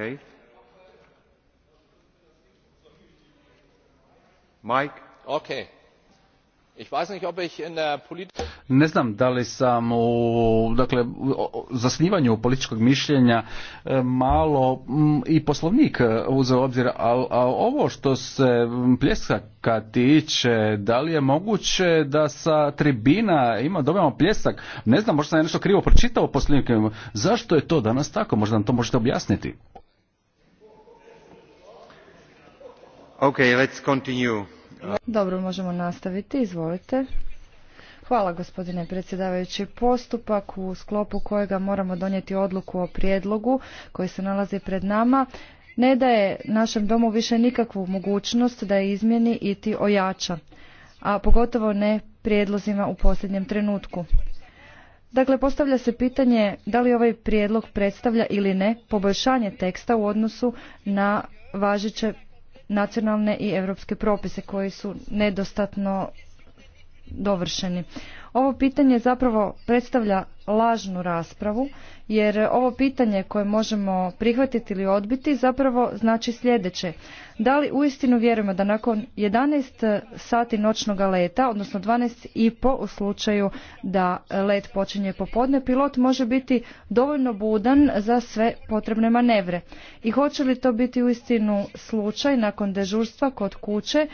Mike. Ok. Ne znam da li sam u dakle, zasnivanju političkog mišljenja e, malo i poslovnik e, uzeo obzir, a ovo što se pljeska tiče, da li je moguće da sa tribina ima dobijamo pljesak? Ne znam, možda sam ja nešto krivo pročitao u Zašto je to danas tako? Možda nam to možete objasniti. Okay, let's continue. Dobro, možemo nastaviti. Izvolite. Hvala gospodine predsjedavajući. Postupak u sklopu kojega moramo donijeti odluku o prijedlogu koji se nalazi pred nama ne daje našem domu više nikakvu mogućnost da je izmjeni i ojača, a pogotovo ne prijedlozima u posljednjem trenutku. Dakle, postavlja se pitanje da li ovaj prijedlog predstavlja ili ne poboljšanje teksta u odnosu na važeće nacionalne i europske propise koji su nedostatno dovršeni. Ovo pitanje zapravo predstavlja lažnu raspravu jer ovo pitanje koje možemo prihvatiti ili odbiti zapravo znači sljedeće. Da li uistinu vjerujemo da nakon 11 sati noćnog leta, odnosno 12 i po u slučaju da let počinje popodne, pilot može biti dovoljno budan za sve potrebne manevre. I hoće li to biti uistinu slučaj nakon dežurstva kod kuće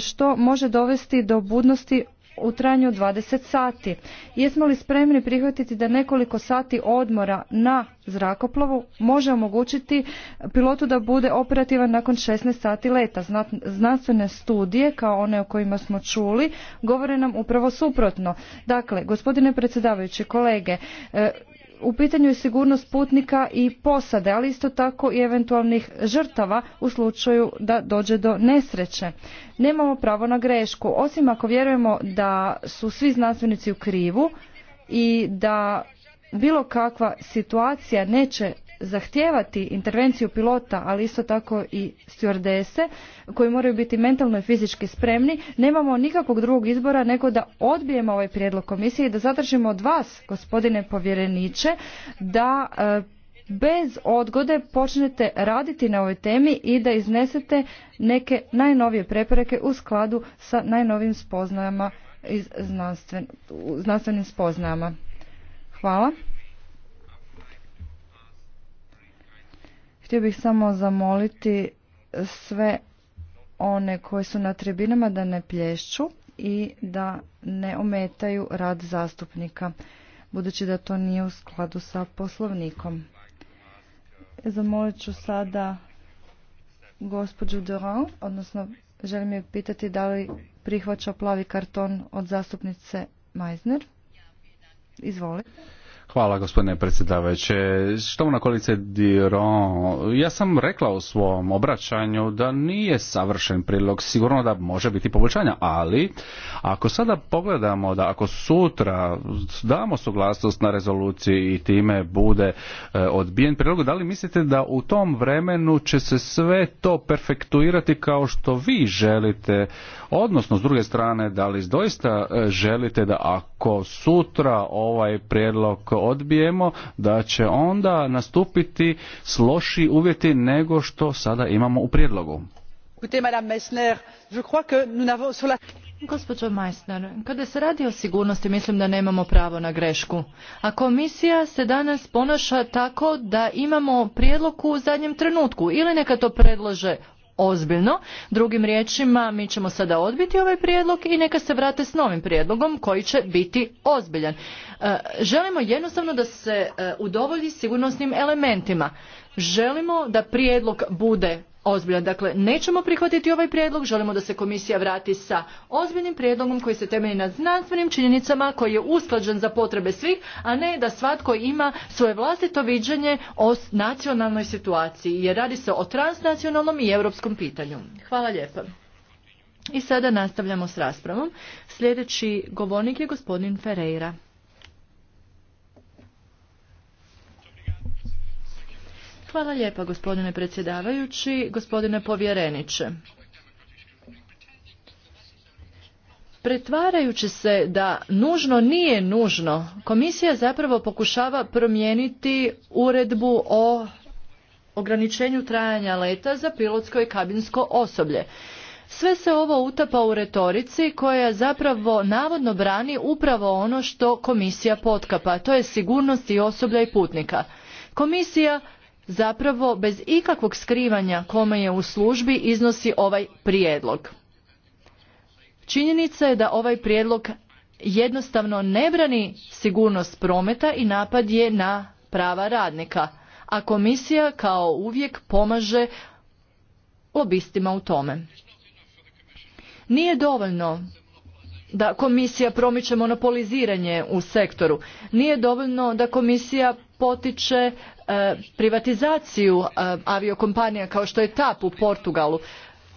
što može dovesti do budnosti u trajanju 20 sati. Jesmo li spremni prihvatiti da nekoliko sati odmora na zrakoplovu može omogućiti pilotu da bude operativan nakon 16 sati leta? Znanstvene studije, kao one o kojima smo čuli, govore nam upravo suprotno. Dakle, gospodine predsjedavajući, kolege, e, u pitanju je sigurnost putnika i posade, ali isto tako i eventualnih žrtava u slučaju da dođe do nesreće. Nemamo pravo na grešku, osim ako vjerujemo da su svi znanstvenici u krivu i da bilo kakva situacija neće zahtijevati intervenciju pilota, ali isto tako i stjordese, koji moraju biti mentalno i fizički spremni, nemamo nikakvog drugog izbora nego da odbijemo ovaj prijedlog komisije i da zadržimo od vas, gospodine povjereniče, da e, bez odgode počnete raditi na ovoj temi i da iznesete neke najnovije prepreke u skladu sa najnovim spoznajama iz znanstvenim spoznajama. Hvala. Htio bih samo zamoliti sve one koji su na tribinama da ne plješću i da ne ometaju rad zastupnika, budući da to nije u skladu sa poslovnikom. Zamolit ću sada gospođu Durand, odnosno želim je pitati da li prihvaća plavi karton od zastupnice Meisner. Izvolite. Hvala gospodine predsjedavajuće. na kolice Diron, ja sam rekla u svom obraćanju da nije savršen prilog, sigurno da može biti poboljšanja, ali ako sada pogledamo da ako sutra damo suglasnost na rezoluciji i time bude e, odbijen prilog, da li mislite da u tom vremenu će se sve to perfektuirati kao što vi želite, odnosno s druge strane da li doista e, želite da ako sutra ovaj prijedlog odbijemo, da će onda nastupiti s loši uvjeti nego što sada imamo u prijedlogu. Gospođo Meissner, kada se radi o sigurnosti mislim da nemamo pravo na grešku. A komisija se danas ponaša tako da imamo prijedlog u zadnjem trenutku. Ili neka to predlože ozbiljno. Drugim riječima, mi ćemo sada odbiti ovaj prijedlog i neka se vrate s novim prijedlogom koji će biti ozbiljan. E, želimo jednostavno da se e, udovolji sigurnosnim elementima. Želimo da prijedlog bude ozbiljan. Dakle, nećemo prihvatiti ovaj prijedlog, želimo da se komisija vrati sa ozbiljnim prijedlogom koji se temelji na znanstvenim činjenicama, koji je usklađen za potrebe svih, a ne da svatko ima svoje vlastito viđenje o nacionalnoj situaciji, jer radi se o transnacionalnom i europskom pitanju. Hvala lijepa. I sada nastavljamo s raspravom. Sljedeći govornik je gospodin Ferreira. Hvala lijepa gospodine predsjedavajući, gospodine povjereniče. Pretvarajući se da nužno nije nužno, komisija zapravo pokušava promijeniti uredbu o ograničenju trajanja leta za pilotsko i kabinsko osoblje. Sve se ovo utapa u retorici koja zapravo navodno brani upravo ono što komisija potkapa, to je sigurnost i osoblja i putnika. Komisija zapravo bez ikakvog skrivanja kome je u službi iznosi ovaj prijedlog. Činjenica je da ovaj prijedlog jednostavno ne brani sigurnost prometa i napad je na prava radnika, a komisija kao uvijek pomaže lobistima u tome. Nije dovoljno da komisija promiče monopoliziranje u sektoru. Nije dovoljno da komisija potiče e, privatizaciju e, aviokompanija kao što je TAP u Portugalu.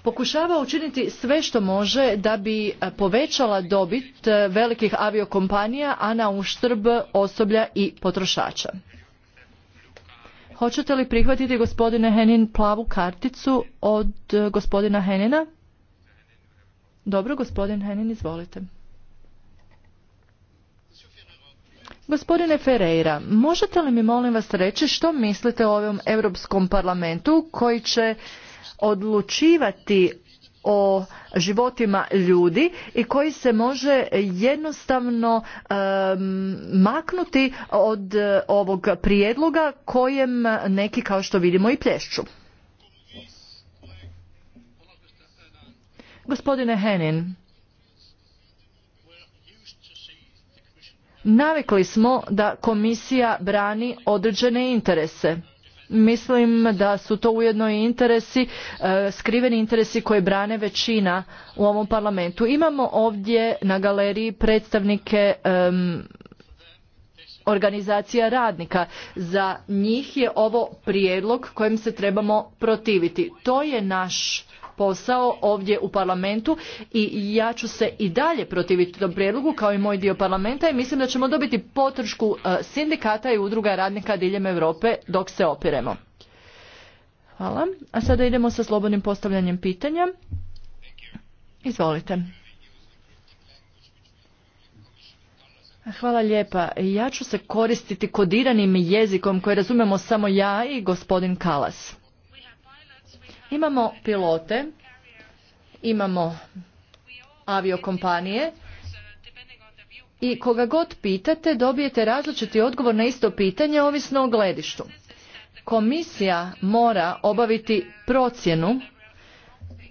Pokušava učiniti sve što može da bi e, povećala dobit velikih aviokompanija, a na uštrb osoblja i potrošača. Hoćete li prihvatiti gospodine Henin plavu karticu od gospodina Henina? Dobro, gospodin Henin, izvolite. Gospodine Ferreira, možete li mi molim vas reći što mislite o ovom Europskom parlamentu koji će odlučivati o životima ljudi i koji se može jednostavno maknuti od eh, ovog prijedloga kojem neki kao što vidimo i plješću. Gospodine Henin, navikli smo da komisija brani određene interese. Mislim da su to ujedno i interesi, e, skriveni interesi koje brane većina u ovom parlamentu. Imamo ovdje na galeriji predstavnike organizacija radnika. Za njih je ovo prijedlog kojem se trebamo protiviti. To je naš posao ovdje u parlamentu i ja ću se i dalje protiviti tom prijedlogu kao i moj dio parlamenta i mislim da ćemo dobiti potršku e, sindikata i udruga radnika diljem Europe dok se opiremo. Hvala. A sada idemo sa slobodnim postavljanjem pitanja. Izvolite. Hvala lijepa. Ja ću se koristiti kodiranim jezikom koje razumemo samo ja i gospodin Kalas. Imamo pilote, imamo aviokompanije i koga god pitate dobijete različiti odgovor na isto pitanje ovisno o gledištu. Komisija mora obaviti procjenu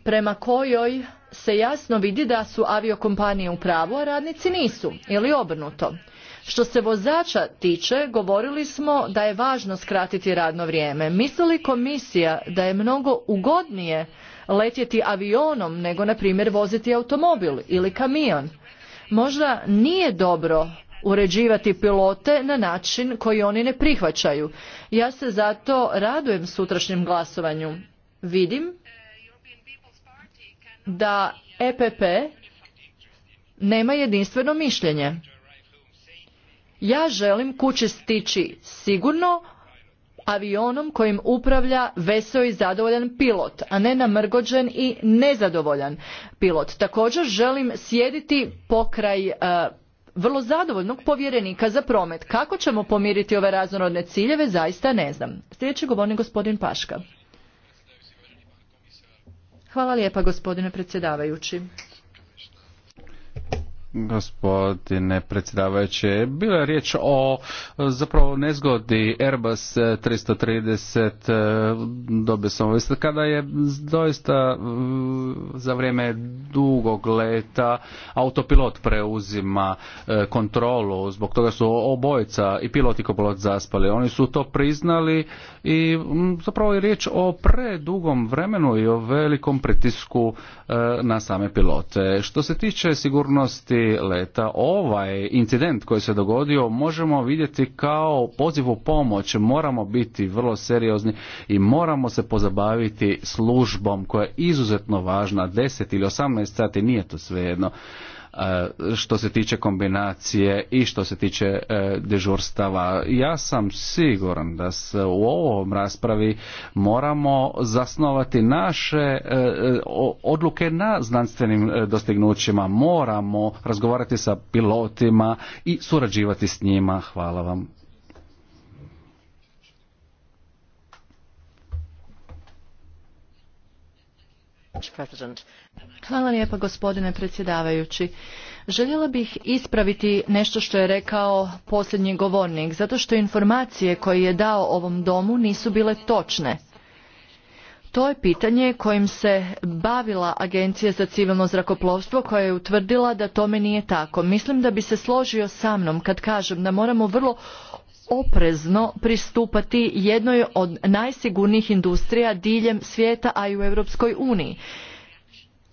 prema kojoj se jasno vidi da su aviokompanije u pravu, a radnici nisu ili obrnuto. Što se vozača tiče, govorili smo da je važno skratiti radno vrijeme. Misli li komisija da je mnogo ugodnije letjeti avionom nego, na primjer, voziti automobil ili kamion? Možda nije dobro uređivati pilote na način koji oni ne prihvaćaju. Ja se zato radujem sutrašnjem glasovanju. Vidim da EPP nema jedinstveno mišljenje. Ja želim kući stići sigurno avionom kojim upravlja veso i zadovoljan pilot, a ne namrgođen i nezadovoljan pilot. Također želim sjediti pokraj e, vrlo zadovoljnog povjerenika za promet. Kako ćemo pomiriti ove raznorodne ciljeve, zaista ne znam. Sljedeći govornik gospodin Paška. Hvala lijepa gospodine predsjedavajući. Gospodine predsjedavajući, bila je riječ o zapravo nezgodi Airbus 330 dobio sam kada je doista e, za vrijeme dugog leta autopilot preuzima e, kontrolu, zbog toga su obojca i pilot i kopilot zaspali. Oni su to priznali i zapravo je riječ o predugom vremenu i o velikom pritisku e, na same pilote. Što se tiče sigurnosti leta ovaj incident koji se dogodio možemo vidjeti kao poziv u pomoć. Moramo biti vrlo seriozni i moramo se pozabaviti službom koja je izuzetno važna. 10 ili 18 sati nije to svejedno. E, što se tiče kombinacije i što se tiče e, dežurstava. Ja sam siguran da se u ovom raspravi moramo zasnovati naše e, odluke na znanstvenim dostignućima. Moramo razgovarati sa pilotima i surađivati s njima. Hvala vam. Hvala lijepa gospodine predsjedavajući. Željela bih ispraviti nešto što je rekao posljednji govornik, zato što informacije koje je dao ovom domu nisu bile točne. To je pitanje kojim se bavila Agencija za civilno zrakoplovstvo koja je utvrdila da tome nije tako. Mislim da bi se složio sa mnom kad kažem da moramo vrlo oprezno pristupati jednoj od najsigurnijih industrija diljem svijeta, a i u Europskoj uniji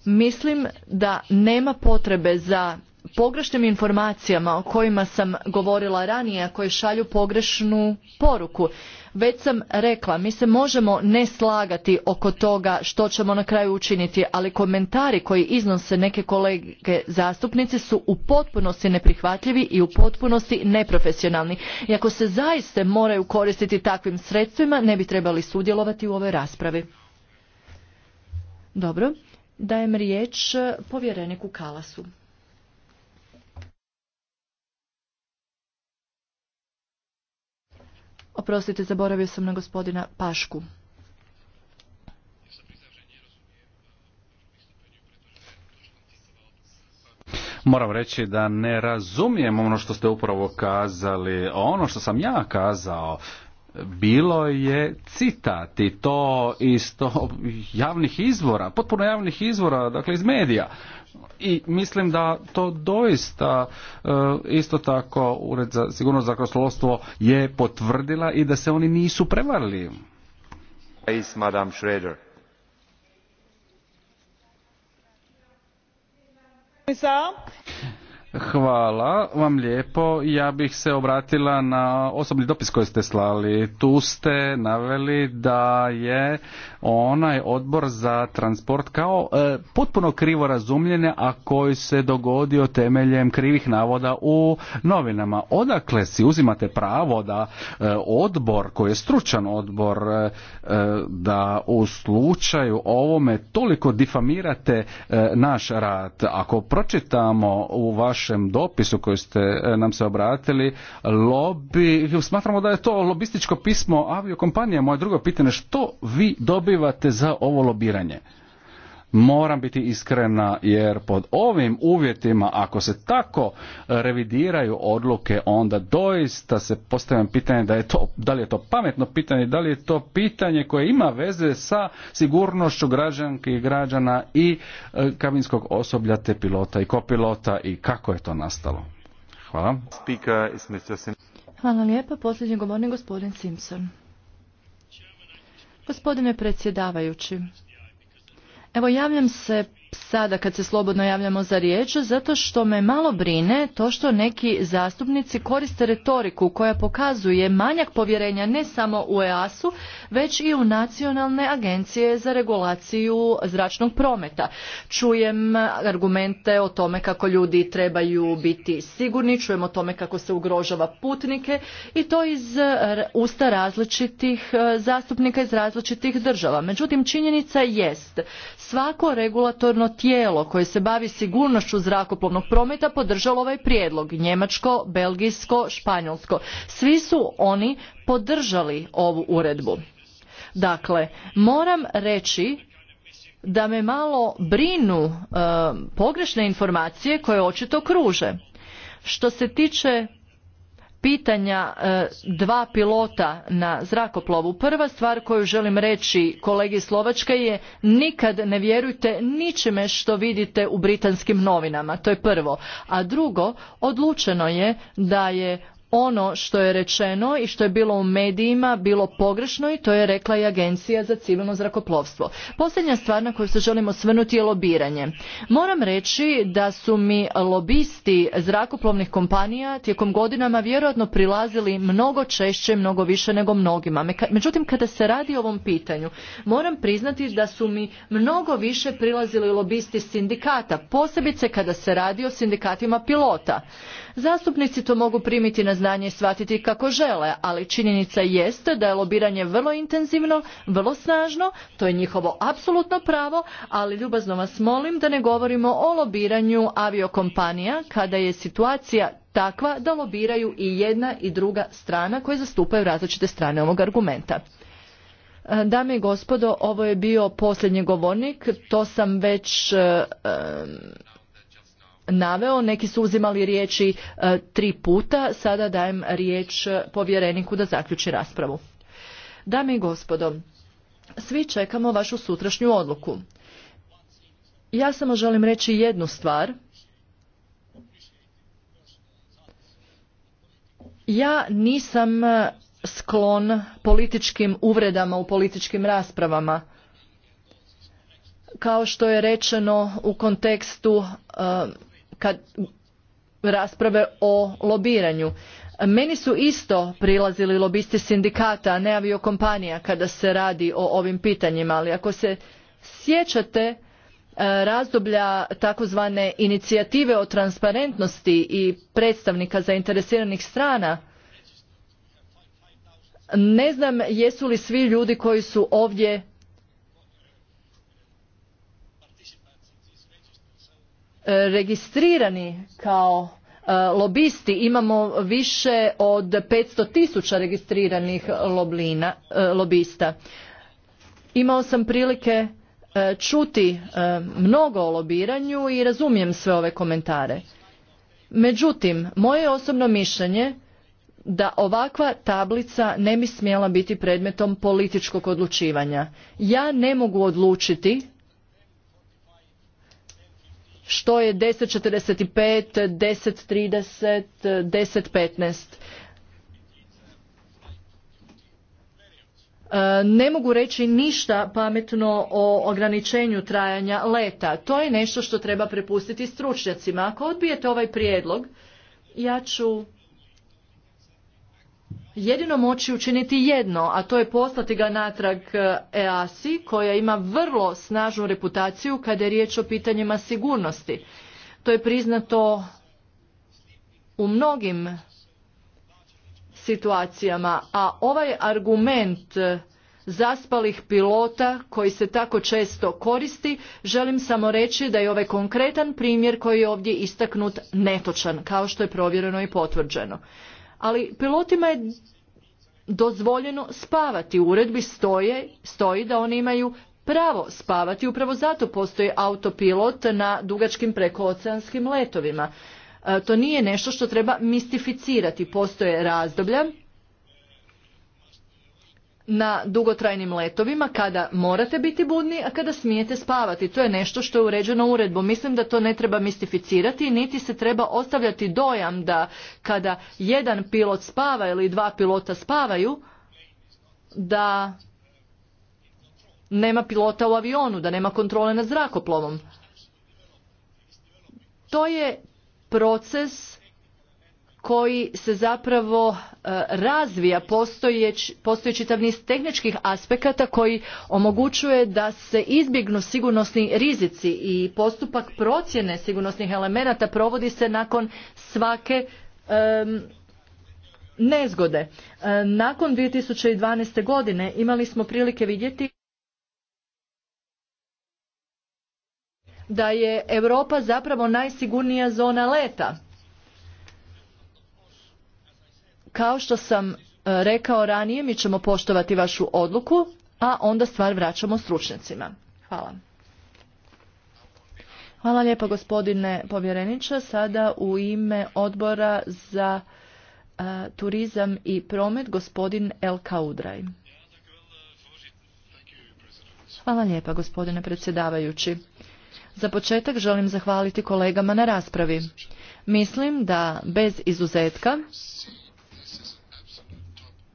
mislim da nema potrebe za pogrešnim informacijama o kojima sam govorila ranije, a koje šalju pogrešnu poruku. Već sam rekla, mi se možemo ne slagati oko toga što ćemo na kraju učiniti, ali komentari koji iznose neke kolege zastupnici su u potpunosti neprihvatljivi i u potpunosti neprofesionalni. I ako se zaiste moraju koristiti takvim sredstvima, ne bi trebali sudjelovati u ovoj raspravi. Dobro. Dajem riječ povjereniku Kalasu. Oprostite, zaboravio sam na gospodina Pašku. Moram reći da ne razumijem ono što ste upravo kazali. Ono što sam ja kazao bilo je citati to iz javnih izvora, potpuno javnih izvora, dakle iz medija. I mislim da to doista e, isto tako Ured za sigurno zakroslovstvo je potvrdila i da se oni nisu prevarili. Hvala. Hvala vam lijepo. Ja bih se obratila na osobni dopis koji ste slali. Tu ste naveli da je onaj odbor za transport kao e, potpuno krivo razumljene, a koji se dogodio temeljem krivih navoda u novinama. Odakle si uzimate pravo da e, odbor, koji je stručan odbor, e, da u slučaju ovome toliko difamirate naš rad. Ako pročitamo u vaš vašem dopisu koji ste e, nam se obratili, lobby, smatramo da je to lobističko pismo aviokompanije. Moje drugo pitanje, što vi dobivate za ovo lobiranje? moram biti iskrena jer pod ovim uvjetima ako se tako revidiraju odluke onda doista se postavljam pitanje da, je to, da li je to pametno pitanje, da li je to pitanje koje ima veze sa sigurnošću građanki i građana i e, kabinskog osoblja te pilota i kopilota i kako je to nastalo. Hvala. Hvala lijepa. Posljednji govornik gospodin Simpson. Gospodine predsjedavajući, Evo javljam se sada kad se slobodno javljamo za riječ zato što me malo brine to što neki zastupnici koriste retoriku koja pokazuje manjak povjerenja ne samo u EAS-u već i u nacionalne agencije za regulaciju zračnog prometa. Čujem argumente o tome kako ljudi trebaju biti sigurni, čujem o tome kako se ugrožava putnike i to iz usta različitih e, zastupnika iz različitih država. Međutim, činjenica jest svako regulatorno tijelo koje se bavi sigurnošću zrakoplovnog prometa podržalo ovaj prijedlog njemačko belgijsko španjolsko svi su oni podržali ovu uredbu dakle moram reći da me malo brinu e, pogrešne informacije koje očito kruže što se tiče pitanja e, dva pilota na zrakoplovu. Prva stvar koju želim reći kolegi Slovačka je nikad ne vjerujte ničime što vidite u britanskim novinama. To je prvo. A drugo, odlučeno je da je ono što je rečeno i što je bilo u medijima bilo pogrešno i to je rekla i Agencija za civilno zrakoplovstvo. Posljednja stvar na koju se želimo svrnuti je lobiranje. Moram reći da su mi lobisti zrakoplovnih kompanija tijekom godinama vjerojatno prilazili mnogo češće, mnogo više nego mnogima. Međutim, kada se radi o ovom pitanju, moram priznati da su mi mnogo više prilazili lobisti sindikata, posebice kada se radi o sindikatima pilota. Zastupnici to mogu primiti na znanje shvatiti kako žele, ali činjenica jeste da je lobiranje vrlo intenzivno, vrlo snažno, to je njihovo apsolutno pravo, ali ljubazno vas molim da ne govorimo o lobiranju aviokompanija kada je situacija takva da lobiraju i jedna i druga strana koje zastupaju različite strane ovog argumenta. E, dame i gospodo, ovo je bio posljednji govornik, to sam već e, e, naveo, neki su uzimali riječi e, tri puta, sada dajem riječ povjereniku da zaključi raspravu. Dame i gospodo, svi čekamo vašu sutrašnju odluku. Ja samo želim reći jednu stvar. Ja nisam sklon političkim uvredama u političkim raspravama. Kao što je rečeno u kontekstu e, kad rasprave o lobiranju. Meni su isto prilazili lobisti sindikata, a ne aviokompanija kada se radi o ovim pitanjima, ali ako se sjećate e, razdoblja takozvane inicijative o transparentnosti i predstavnika zainteresiranih strana, ne znam jesu li svi ljudi koji su ovdje E, registrirani kao e, lobisti imamo više od 500 tisuća registriranih loblina, e, lobista. Imao sam prilike čuti mnogo o lobiranju i razumijem sve ove komentare. Međutim, moje osobno mišljenje da ovakva tablica ne bi smjela biti predmetom političkog odlučivanja. Ja ne mogu odlučiti što je 10.45, 10.30, 10.15. Ne mogu reći ništa pametno o ograničenju trajanja leta. To je nešto što treba prepustiti stručnjacima. Ako odbijete ovaj prijedlog, ja ću jedino moći učiniti jedno, a to je poslati ga natrag EASI e koja ima vrlo snažnu reputaciju kada je riječ o pitanjima sigurnosti. To je priznato u mnogim situacijama, a ovaj argument zaspalih pilota koji se tako često koristi, želim samo reći da je ovaj konkretan primjer koji je ovdje istaknut netočan, kao što je provjereno i potvrđeno ali pilotima je dozvoljeno spavati. U uredbi stoje, stoji da oni imaju pravo spavati, upravo zato postoji autopilot na dugačkim prekooceanskim letovima. E, to nije nešto što treba mistificirati. Postoje razdoblja na dugotrajnim letovima kada morate biti budni, a kada smijete spavati. To je nešto što je uređeno uredbom. Mislim da to ne treba mistificirati, niti se treba ostavljati dojam da kada jedan pilot spava ili dva pilota spavaju, da nema pilota u avionu, da nema kontrole nad zrakoplovom. To je proces koji se zapravo e, razvija postoji čitav niz tehničkih aspekata koji omogućuje da se izbjegnu sigurnosni rizici i postupak procjene sigurnosnih elemenata provodi se nakon svake nezgode. E, nakon 2012. godine imali smo prilike vidjeti da je Europa zapravo najsigurnija zona leta Kao što sam e, rekao ranije, mi ćemo poštovati vašu odluku, a onda stvar vraćamo stručnjacima. Hvala. Hvala lijepo, gospodine povjereniče. Sada u ime odbora za e, turizam i promet gospodin El Kaudraj. Hvala lijepa gospodine predsjedavajući. Za početak želim zahvaliti kolegama na raspravi. Mislim da bez izuzetka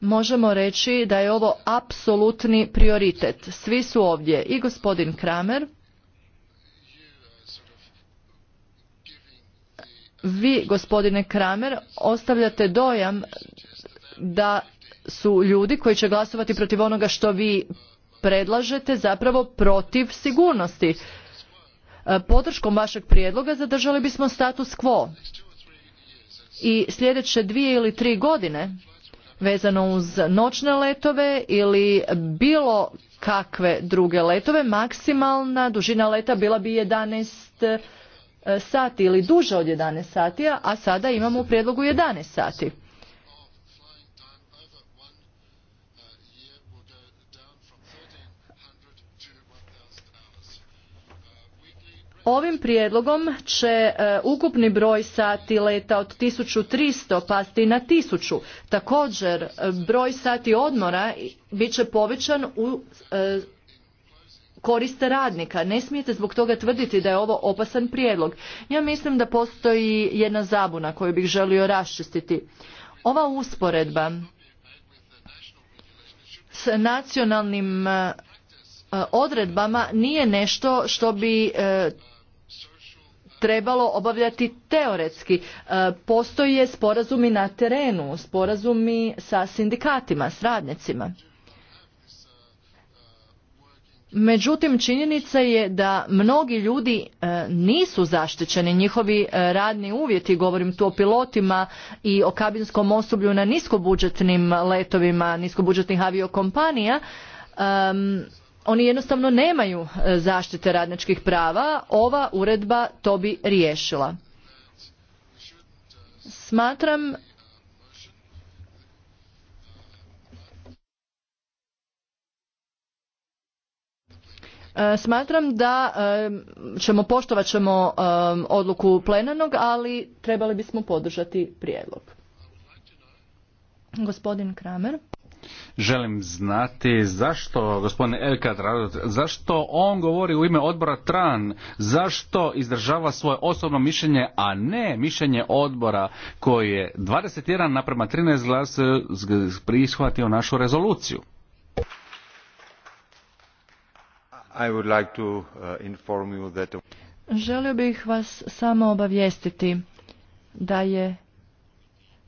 možemo reći da je ovo apsolutni prioritet. Svi su ovdje i gospodin Kramer, vi gospodine Kramer ostavljate dojam da su ljudi koji će glasovati protiv onoga što vi predlažete zapravo protiv sigurnosti. E, podrškom vašeg prijedloga zadržali bismo status quo i sljedeće dvije ili tri godine vezano uz noćne letove ili bilo kakve druge letove, maksimalna dužina leta bila bi 11 e, sati ili duže od 11 sati, a sada imamo u prijedlogu 11 sati. Ovim prijedlogom će e, ukupni broj sati leta od 1300 pasti na 1000. Također, e, broj sati odmora bit će povećan u e, koriste radnika. Ne smijete zbog toga tvrditi da je ovo opasan prijedlog. Ja mislim da postoji jedna zabuna koju bih želio raščistiti. Ova usporedba s nacionalnim odredbama nije nešto što bi trebalo obavljati teoretski. E, postoje sporazumi na terenu, sporazumi sa sindikatima, s radnicima. Međutim, činjenica je da mnogi ljudi e, nisu zaštićeni, njihovi e, radni uvjeti, govorim tu o pilotima i o kabinskom osoblju na niskobudžetnim letovima, niskobudžetnih aviokompanija, oni jednostavno nemaju e, zaštite radničkih prava, ova uredba to bi riješila. Smatram e, Smatram da e, ćemo poštovat ćemo odluku plenarnog, ali trebali bismo podržati prijedlog. Gospodin Kramer. Želim znati zašto, gospodin Radot, zašto on govori u ime odbora TRAN, zašto izdržava svoje osobno mišljenje, a ne mišljenje odbora koji je 21 naprema 13 glas prihvatio našu rezoluciju. I uh, Želio bih vas samo obavijestiti da je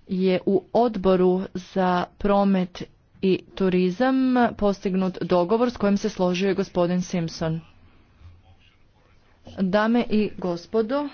je u odboru za promet i turizam postignut dogovor s kojim se složio gospodin Simpson. Dame i gospodo,